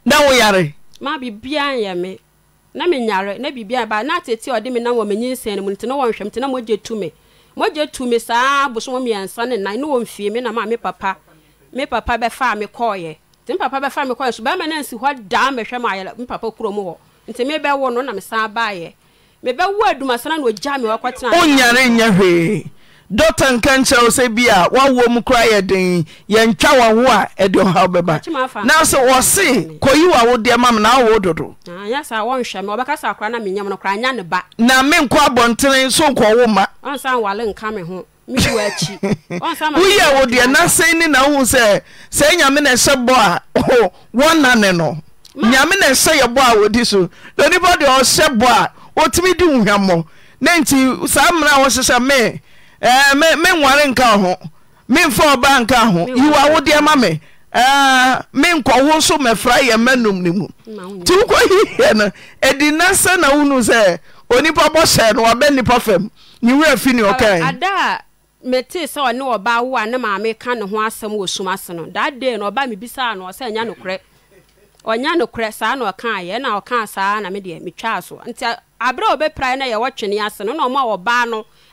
na wo yare ma biribia nyɛ me na menyare na biribia ba na tete ɔde me na wɔ menyi nsɛn no mu nti na wɔnhwɛ me nti na mogye tu me mogye tu me saa bosom mmiɛnsa ne nan ne wɔmfie me na ma me papa me papa bɛfaa me kɔɔyɛ nti me papa bɛfaa me kɔɔyɛ so bɛrima no nsi hɔ daa mɛhwɛ ma ayɛ me papa kuro mu hɔ nti mebɛwo no na mesan baayɛ mebɛwo adumasana na ogya me wɔkɔtena onyare nyɛ hwee dɔkta nka nkyerɛ wo sɛ bi a woawo mu kora yɛ den yɛntwa wɔn ho a ɛde ɔhaw bɛba nanso wɔse kɔyi wɔ awodeɛ ma m na awo dodo na menkɔ abɔntene so nkɔwo ma *laughs* woyɛ awodeɛ na sɛi ne na wohu sɛ sɛ nyame na ɛhyɛ bɔ a wɔna ne no nyame na ɛhyɛ yɛ bɔ a wɔdi so na onipa deɛ ɔhyɛ bɔ a ɔtumi di nhwammɔ na nti saa mmara a wɔhyehyɛ mee Eh, nware nka ho memfa ɔba nka ho yiwa wodeɛ ma me menkɔ wo eh, nso mɛfra yɛ m'anom no mu nti wokɔ hiɛ no ɛdi na e sɛ na wonu sɛ onipa bɔhyɛɛ no wabɛ nnipa fam ne werɛ fi ne ɔkae ah, metee sɛ ɔne ɔba wo a ne maameka ne ho asɛm wɔ sum ase no that day no ɔba mebisaa no ɔsɛ ɛnya nokorɛ ɔnya nokorɛ saa na ɔkaeɛ na ɔkaa saa na medeɛ metwaa so nti aberɛ a ɔbɛprae no yɛwɔ twene ase no na ɔma ɔbaa no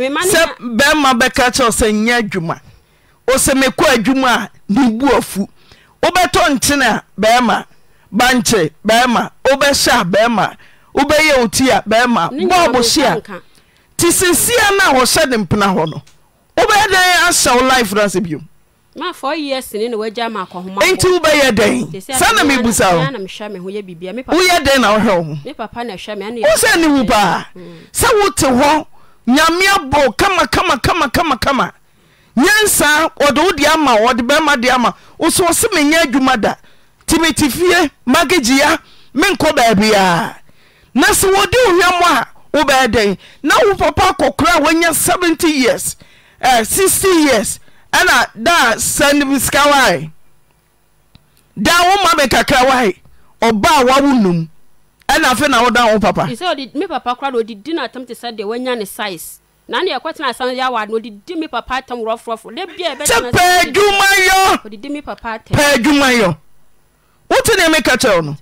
sɛ bɛrima bɛka kyɛwo sɛ nyɛ adwuma ɔsɛ mekɔ adwuma a ne bu afu wobɛtɔ nkyene a bɛrima bankye bɛrima wobɛhyɛ a bɛrima wobɛyɛ oti a bɛrima bɔɔbɔhye a nti sesia no a wɔhyɛ de mpena hɔ no wobɛyɛ dɛn ahyɛ wo life no biom nti wobɛyɛ dɛn wowoyɛ na wo ne wu paa mm. sɛ nyamea bo kamakakama nyansaa ɔde wo de ama ɔde bɛma deɛ ama wo sowo se menya adwuma da timiti fie magegea menkɔ baabia na sɛ wɔde wo hwɛmɔ a wobɛɛdɛn na wo papa kɔkoraa woanya s0 yeas s0 yeas na da sanbisikawae da woma bɛkakra wae ɔbaa wowonm ɛna afei na woda wo papa sɛ mi papa kora na ɔdidi no atam te sɛ deɛ wanya ne size na ne yɛkɔtena asan yɛ awa no ɔdidi me papa atam worɔforɔfo da bia ɛbɛsɛ pɛ adwuma yɔ ɔdidi me papa atam pɛ adwuma yɔ wote ne meka kyɛw no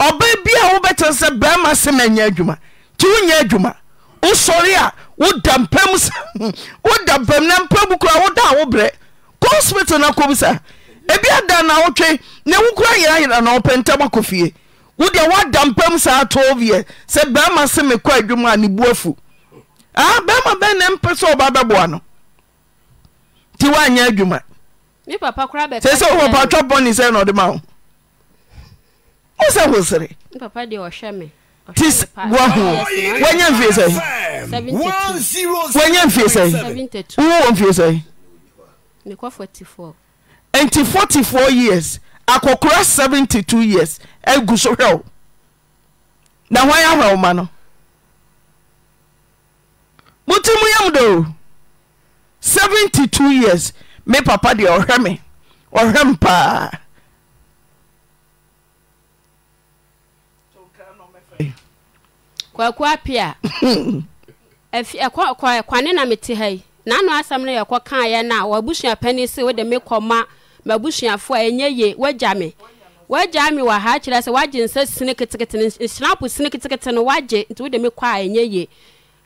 ɔbaa bi a wobɛtena sɛ bɛrima se ma nyɛ adwuma nti wonyɛ adwuma wosɔre a woda mpam sɛ *laughs* woda mpam na mpam kora woda a wobrɛ kɔ hospital na kɔm sa ebi ada na wotwe ne wo kora yerayera na ɔpɛ wodeɛ woada mpam saa 12 years sɛ bɛrima se mekɔ adwuma a ne bu afu ah, bɛrima bɛn ne mpɛ sɛ ɔba bɛboa no nti woanyɛ adwuma sɛ sɛ wo papa twa bɔne sɛ na ɔde ma wo wo sɛ ho sere nti woaho woanya mfie sɛ woanya mfie sɛ wowɔ mfie sɛ nti 44 years akɔkora st years agu so hwɛw na hɔ yɛ ahorawo ma no moti moyɛhdɛo st years me papa deɛ ɔhɛ me ɔhwɛ me paawnametehi *laughs* nan asɛm no yɛkɔkaɛ nobapni swode mekɔ ma m'abusuafoɔ a ɛnyɛ yie wagya me wagya me wɔ ha kyerɛ sɛ wagye nsa sini ketekete no nsinapo sini ketekete no wagye nti wode me kɔ a ɛnyɛ yie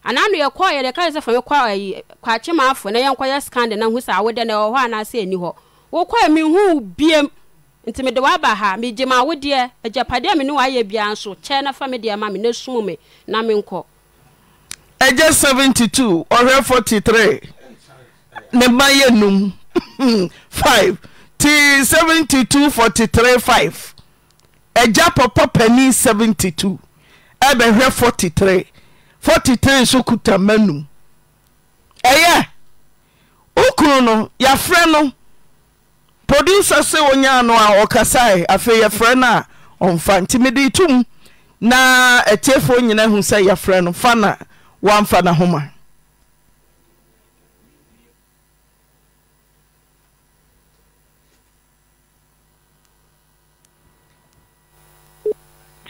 anaa no yɛkɔɔ yɛde ka sɛ fa kɔ ayi kwakye maafo na yɛnkɔyɛ scan de na ho sɛ awodɛ na ɛwɔ hɔ anaasɛ ɛni hɔ wokɔɛ menhu biem nti mede waba ha megye ma awodeɛ agyapadeɛ me wa wayɛ biara nso kyɛ na fa me deɛ ma me na sum me na menkɔ ɛgya 72 ɔhwɛ 43 ne ma yɛ num 5 *laughs* ti 7243 5 agya pɔpɔ pani 72 ɛbɛhwɛ 43 43 so kutama num ɛyɛ wokunu no yɛfrɛ no produsa sɛ wonyaa no a ɔkasae afei yɛfrɛ no a ɔmfa nti mede retom na atiefo nyina hu sɛ yɛfrɛ no fa na woamfa nahoma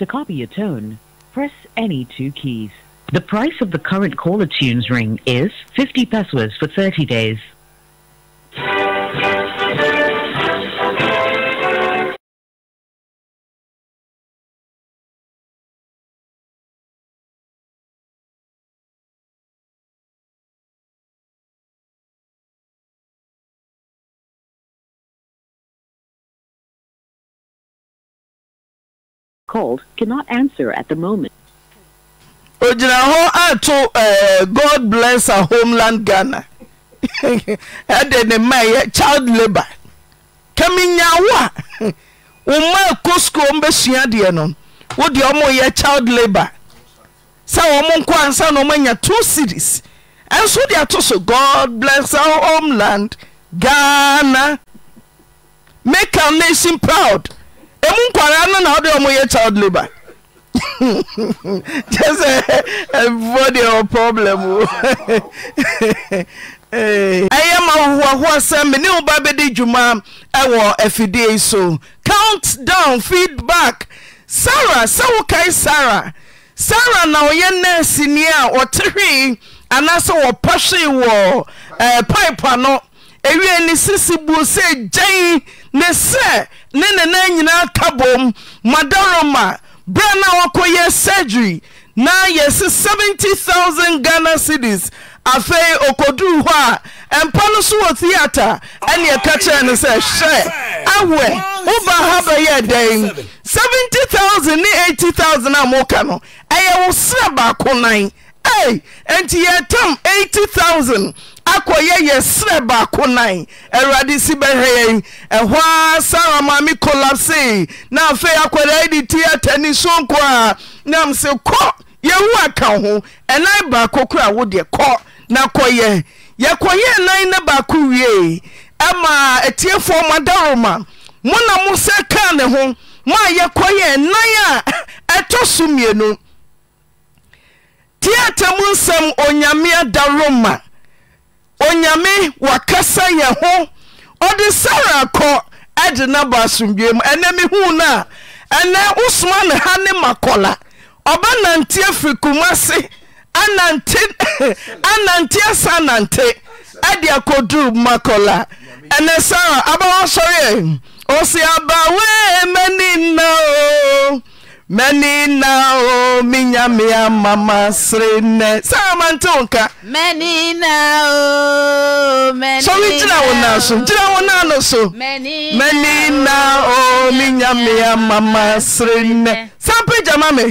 To copy a tone, press any two keys. The price of the current caller tunes ring is 50 pesos for 30 days. ogyina hɔ ato eh, god bless o homeland ghana *laughs* ɛde ne mayɛ child labor ka menya *laughs* wo a wo maa ko suko ɔmbɛsua deɛ no wode ɔmɔyɛ child labor sɛ wɔ mo nkɔansa no ɔma anya tw cities ɛnso wode ato so god bless o homeland ghana makcalnationp ɔmo nkwara no na ɔde ɔmo yɛ child labour kyɛ sɛ ɛfoɔ deɛ ɔ problem o *laughs* ɛyɛ eh, eh, ma hohoahoa sɛ me ne wo ba bɛdi dwuma ɛwɔ e afidie so count down feedback Sarah. sɛ wokae Sarah. Sarah na ɔyɛ nɛɛseni a ɔte hwee anaasɛ wɔpɔ hwee wɔ ɛɛ pipe ano ewie ne sisi buo sɛ gyan ne sɛ ne nena nyinaa kabom madaroma berɛ na wɔkɔ yɛ sergery na yɛ se 70,0 ghana cidies afei ɔkoduru hɔ a ɛmpa no so wɔ theata ɛneɛ ka kyerɛɛ no sɛ hwɛ awwɛ wo ba ha bayɛ daɛ m 70000 ne 80000 amowoka no ɛyɛ wo sera baako nan ei enti yɛ tam 80,000 akɔyɛ yɛ serɛ baako nan awurade si bɛhwɛ yɛn ɛhɔ a saramaame kolapsee na afei akɔdaa de tiatani sonko a nam sɛ kɔ yɛwo aka ho ɛnan baako koraa wo deɛ kɔ na kɔyɛ yɛkɔyɛ nan na baako wiee ɛma atiefoɔ madaroma mo na mo sɛ kaa ne ho mo a yɛkɔyɛ nan a *laughs* ɛtɔ so mmienu tiatamu nsɛm onyame adaroma onyame wakasa yɛ ho ɔde sara kɔ agye na ba asomdwee mu ɛnɛ mehuu no a ɛnɛ wosoma ne ha ne makɔla ɔbɛ nante afirikuma se *coughs* anante asa anante ade akɔduru makɔla ɛnɛ sara abawasɔre ɛ ɔsi abawe mani na o maninaoeaa mama srenɛ samanteka sowe yina wonso ina wonanso manina aa mama sre nɛ san pejama me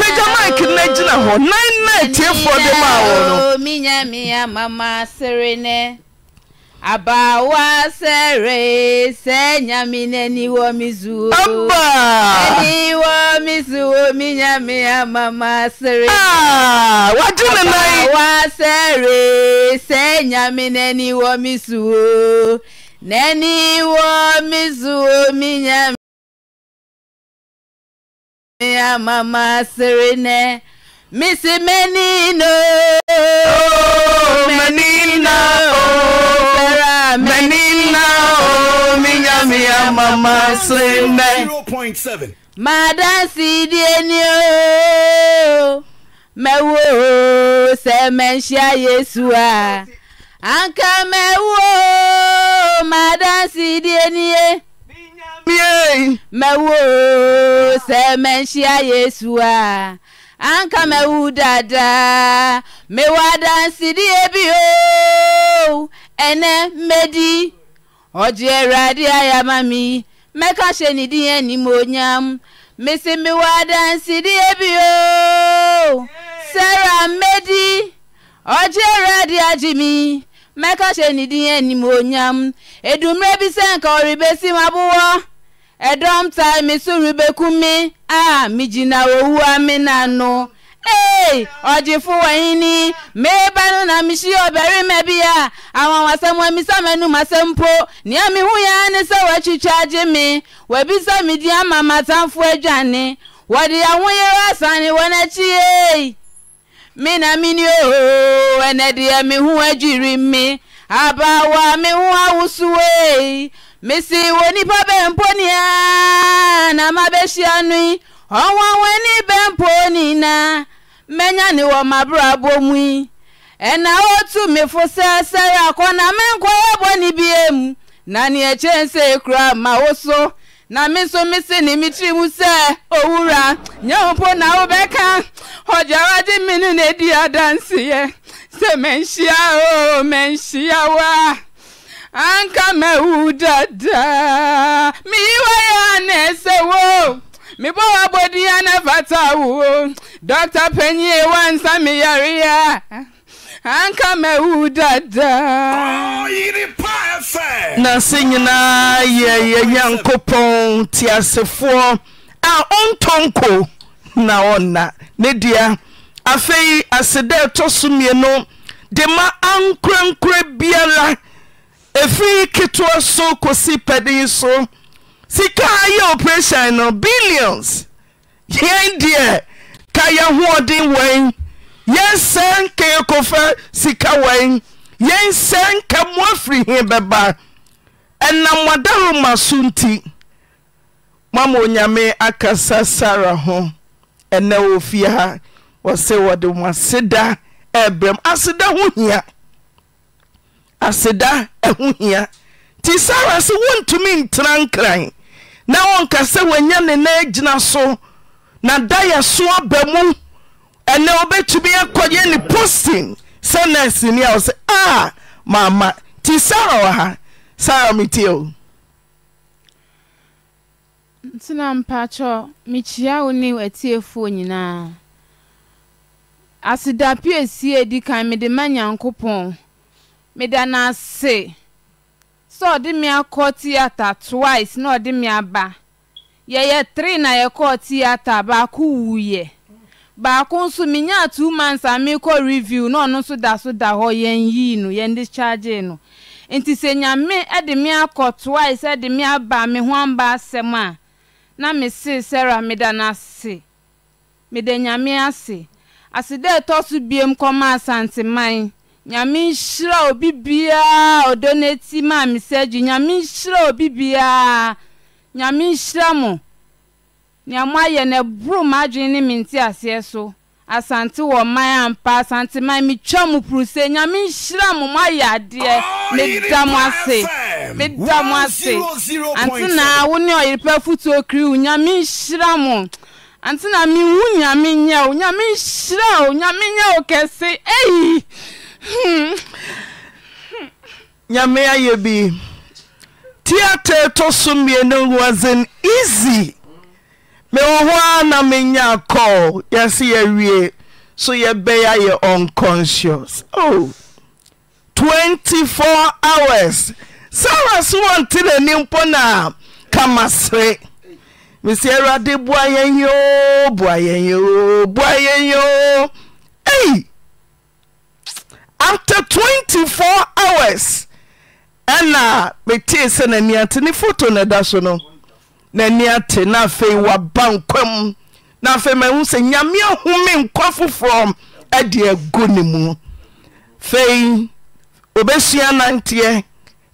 pajamike nɛ jina ho nint fube mao abawa sere sẹnyamine niwọ mi zu o ẹniwọ mi zu o mi nyami amama sere wájú mi náà yìí abawa sere sẹnyamine niwọ mi zu o nẹniwọ mi zu o mi nyami amama sere Mais c'est oh, Menino Menina oh, Menina oh, Minha minha mama Slime 0.7 Madame Cidienio Mewo C'est Menchia Yesua Anka mewo Madame Cidienio Mewo C'est Menchia Yesua anka mɛwu dada mewɔ adansidie Ebi o ɛnɛ medi ɔgye awurade ayama mi mɛka hyɛ ne din animonyam mesi mewɔ adansidie Ebi o sara medi ɔgye awurade agye mi mɛka hyɛ ne mo nyam edumire bi sɛ nka ɔrebesi m'abowɔ. ẹdọm ta mi sùnrù bẹ kú a mi jìnnà òwú àmì nànú. ee ọjị fụwa ihe ni mee banụ na mishi obere imebi ya awa wasa mwa misa menu masa mpo nye mi ya ni sa wa chicha ji mi we bi di ama mata mfu eju ani wa di ya nwunye wa sani wa na chi na mi ni o ene di ya mi hu ejiri mi abawa mi hu mesi wo nipa bɛ mpo na ma bɛ hyia no yi ɔnwa w'ani bɛ na mɛnya ne wɔ abụọ mu yi ɛna otu mefo sɛ sɛre akɔ na menkɔ yɛbɔ ne bie mu na ne ɛkyɛn sɛ ma o so na me nso mesi ne tiri mu sɛ na na edi sɛ o ameyiwɔ yhane sɛ o mebɔ ɔ bdia ne fatawo d payiewansa meyareankamawu daana oh, sɛ nyinaa yɛyɛ nyankopɔn teasefoɔ a ɔntɔnko na ɔna ne dea afei ase dɛ ɛtɔ so mmieno de ma ankorankora biara ɛfiri keteɔ so kosi pɛdin so sikaa yɛ oprɛsian no billions hɛn deɛ ka yɛ hoɔden wɔn yɛn sɛn ka yɛkɔfa sika wan yɛn sɛn kamoa firi hie bɛba ɛnam madarɔma so nti moama onyame akasa sara ho ɛnɛ wɔ fiaa wɔ sɛ wɔde moaseda abrɛm aseda ho hia aseda aho hia nti saara sɛ wontumi ntera nkran na wɔnka sɛ woanya ne n'a agyina so na da yɛsoa ba mu ɛnɛ wobɛtumi akɔgyɛ ne posin sɛna asi ni a wo sɛ a maama nti saare ɔ ha sare metionaamekyia nefoɔ yinaaaeda asekamedema nyankpɔ meda na ase sɛ ɔde me akɔ tiata twice na ɔde me aba yɛyɛ three na yɛkɔɔ tiata baako wuyɛ baako nso menyaa two mans a mekɔ review na ɔno nso da so da họ yɛn yii no yɛn discharge no nti sɛ nyame de me akɔ twice de me aba me ho amba asɛm a na mese sara meda no ase meda nyame ase ase dɛ ɛtɔ so biem kɔma asanteman nyame nhyira obi biara ɔdɔ n'eti maame sɛ nyame nhyira obi biara nyame nhyira mo nea mo ayɛ na ɛboro mo adwene ne me nti aseɛ so asante wɔ man ampa asante man metwa mo puru sɛ nyame nhyira mo mo ayɛ adeɛ meda mo ase meda mo ase ante na wo ne ɔyerepɛ fotuo kiri wo nyame nhyira mo ante na mehu nyame nyɛ wo nyame nhyira wo nyame nyɛ wo kɛse eyi. nyame ayɛ bi tiater to sommien wasn easy me wɔ ho a na menya kɔl yɛase yɛwie so yɛbɛyɛ ayɛ unconcious 24 hours sawra so wɔntena nimpo no kamasere mesɛɛ awurade boa yɛ o boa yɛ boa yɛo after 24 hours ɛna metee sɛ n'ani ate ne foto na ɛda so no n'ani ate na afei waba nkwa nkwam na afei mahu sɛ nyame ahome nkwa foforɔ ɛde agu ne mu fei obɛsua nanteɛ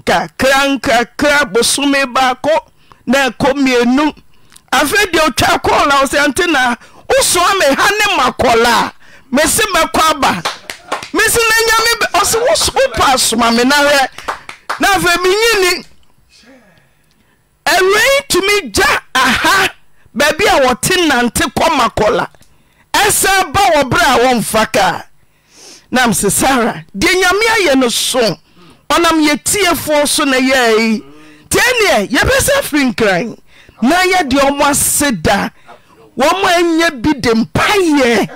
kakra nkakra bosome baako na ɛkɔ mmienu afei deɛ otwa kɔɔ la wo ante na wosoa me ha ne makɔla a mese mɛkɔ aba mesi ne nyame b ɔsɛ wo soko po asoma me na harɛ na afei menyini awurai tumi gya aha baabi a wɔte nante kɔma kɔla ɛsɛ ɛba wɔberɛ a wɔmfa kaa nam se saara deɛ nyame ayɛ no so ɔnam yɛtiefoɔ so na yɛi nti ɛneɛ yɛbɛsɛ firi nkrane na yɛ deɛ ɔmɔ ase da wɔma anyɛ bi de mpa yɛ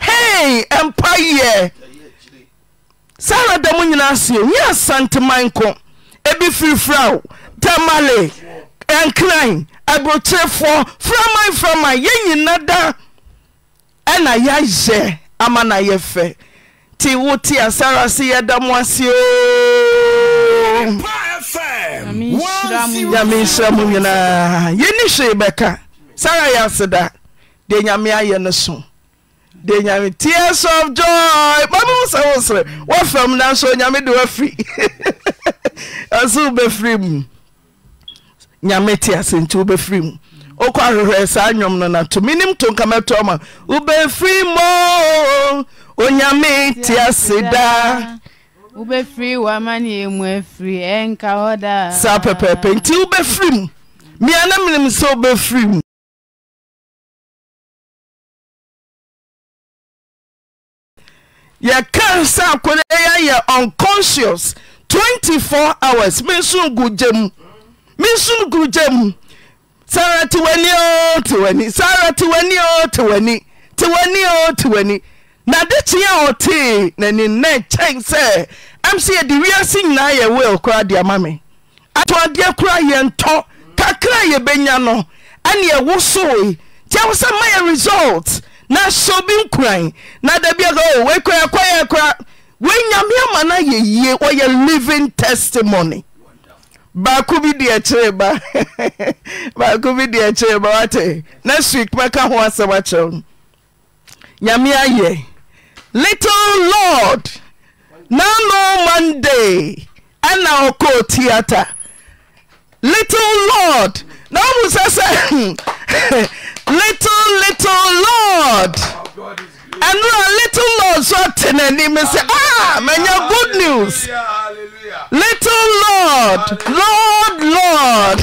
hei ɛmpa yɛ sɛ aradamo nyinaa aseo nyɛ asanteman ko ebi firi frawo damale ɛnkrane abrokyerefoɔ framan framan yɛ nyina da ɛna yɛayɛ ama nayɛ fɛ nti wote a sa arase yɛ damo aseɛonyame hyiram nyinaa yɛni hwe e bɛka sa ara yɛ aseda deɛ nyame ayɛ no so de nyame tas of joy mamomusɛ woserɛ wofɛm naso onyame de wofr *laughs* ɔns wobɛfri mu nyame teasenti wobɛfr mu wokɔ ahehɛ saa wom no notomenim tonka mɛtɔm a wobɛfiri mo onyame tease daasaa pɛpɛpɛ nti wobɛfiri mu miana menim sɛ wobɛfri mu yɛka sa akod yɛayɛ unconscious 24 hours mensn gorgy m menson gorgya mu sara te nsr te e nte 'n te n na de kyeɛ a wɔtee nine kyɛn sɛ am sɛ yɛde wiase nyinaa yɛweɛkora deama me atoadeɛ kora yɛntɔ kakra yɛbɛnya no aneɛ wo soe nti a wo sɛ ma yɛ result na so bi nkuran na da biakeikakyɛkra oh, wei nyamea ma no ayɛyie wɔyɛ leving testimony baako bi dea kyerebabaak ideky nskmɛ ka ho asɛm akyerɛ ayɛ little lord na no monda ana ɔkɔɔtiata little lord na ɔmu sɛ sɛ *laughs* little little lord ẹnu a little lord so te n'anim sẹ ah mẹnyẹ good news little lord lord lord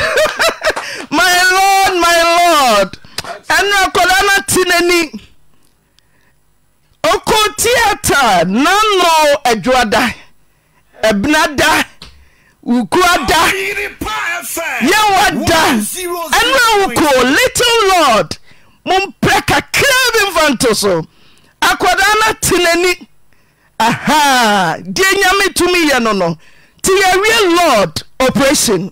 *laughs* my lord my lord ẹnu akwadaa na te n'ani okó tíátà nánà ẹdùada ẹbùnada. E wokuo da yɛwɔ da ɛnera wokoo little lord momprɛ kakraa bi mfa nto so akɔdaa no te n'ani aha deɛ nyame tumi yɛ no no yɛwie lord operation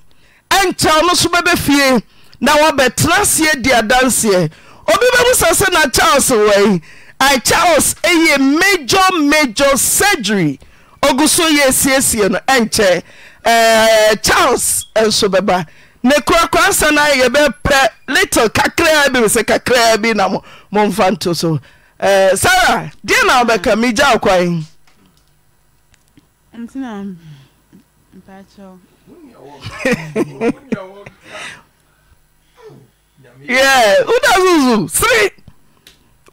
ɛnkyɛw no so bɛbɛ fie na wɔbɛtena seɛ di adanseɛ obi bɛmu sa sɛ na charles wɔi a charles ɛyɛ major major surgery ɔgu so yɛ siesie no ɛnkyɛ Eh, charles nso eh, bɛba ne korakoasanoayɛbɛpɛ little kakraa bi msɛ kakraa bi nammomfa ntoso eh, sara deɛna wobɛka megyaw kwaos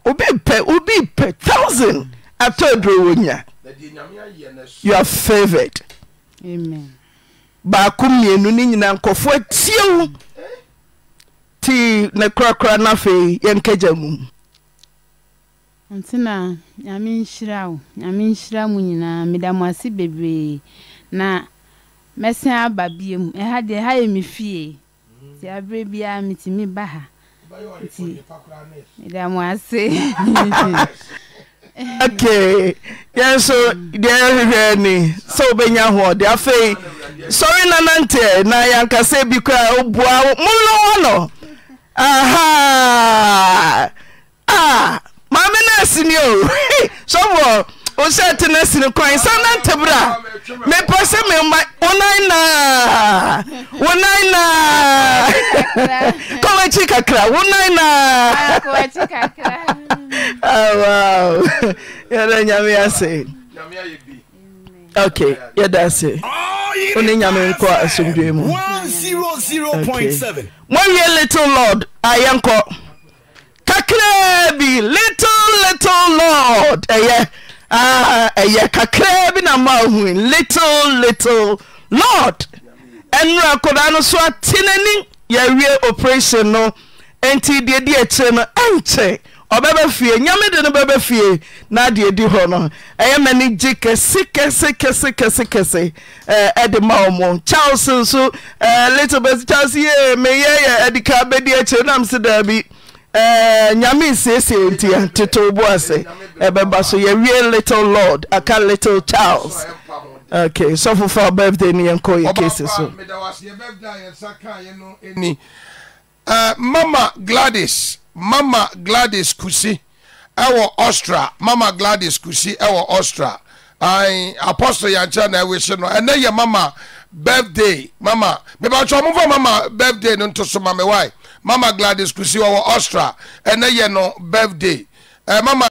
obipɛ tousand atadr wɔny you favote baako mmienu ne nyinaa nkɔfoɔ atie wo ti ne korakora no afei yɛnkɛgya mu nti na nyame nhyira wo nyame nhyira mu nyinaa meda mo ase bebree na mɛsen aba biom ɛha deɛ ha yɛ me fie nti aberɛ biara metumi ba ha nti meda mo ase *laughs* *laughs* ok yɛ nso deɛ ɛhwehwɛ ni sɛ wobɛnya hoɔde afei sɔre nananteɛ na ah, na yɛankasɛ bi koraa obua molɔ hɔ no aha *laughs* maame no asini o sɔfoɔ ɔhyɛ te no sini kwan sa na ntabra mepɛ sɛ mema wonan na wonan na kɔmakyi kakra wonan na ah, ah, wow yɛda nyame ase ok yɛda ase wone nyame nkɔ asomdwe mu moawie little lord a ah, yɛnkɔ bi little little lord ɛyɛ Ah, ɛyɛ kakraa bi na mahu i little little lod ɛnera kodaa no so atenoanim yɛawie operation no nti deɛdi akyirɛ no ɛnkyɛ ɔbɛbɛ fie nyamede no bɛbɛ fie na ade ɛdi hɔ no ɛyɛ mane gye kɛsekɛsekɛekɛsekɛse de ma wo mu charles nso little bɛ chales y meyɛ yɛ adika bɛdi akyerɛ nam so daa bi Eh, nyame nsiesie nti yɛntete wo bo ase ɛbɛba so yɛwie little lord aka little charles okay sɔfo fa birthday ne yɛnkɔ yɛ kase so Uh, mama gladys mama gladys kusi ɛwɔ ostra mama gladys kusi ɛwɔ ostra apostle yankyɛn na ɛwɔ ehyɛ no ɛnɛ yɛ mama birthday mama mebatwa ɔmo fɔ mama birthday no ntoso mama wae mama gladys kusi wɔ wɔ austria ɛnɛ yɛ no birthday ɛɛ eh, mama.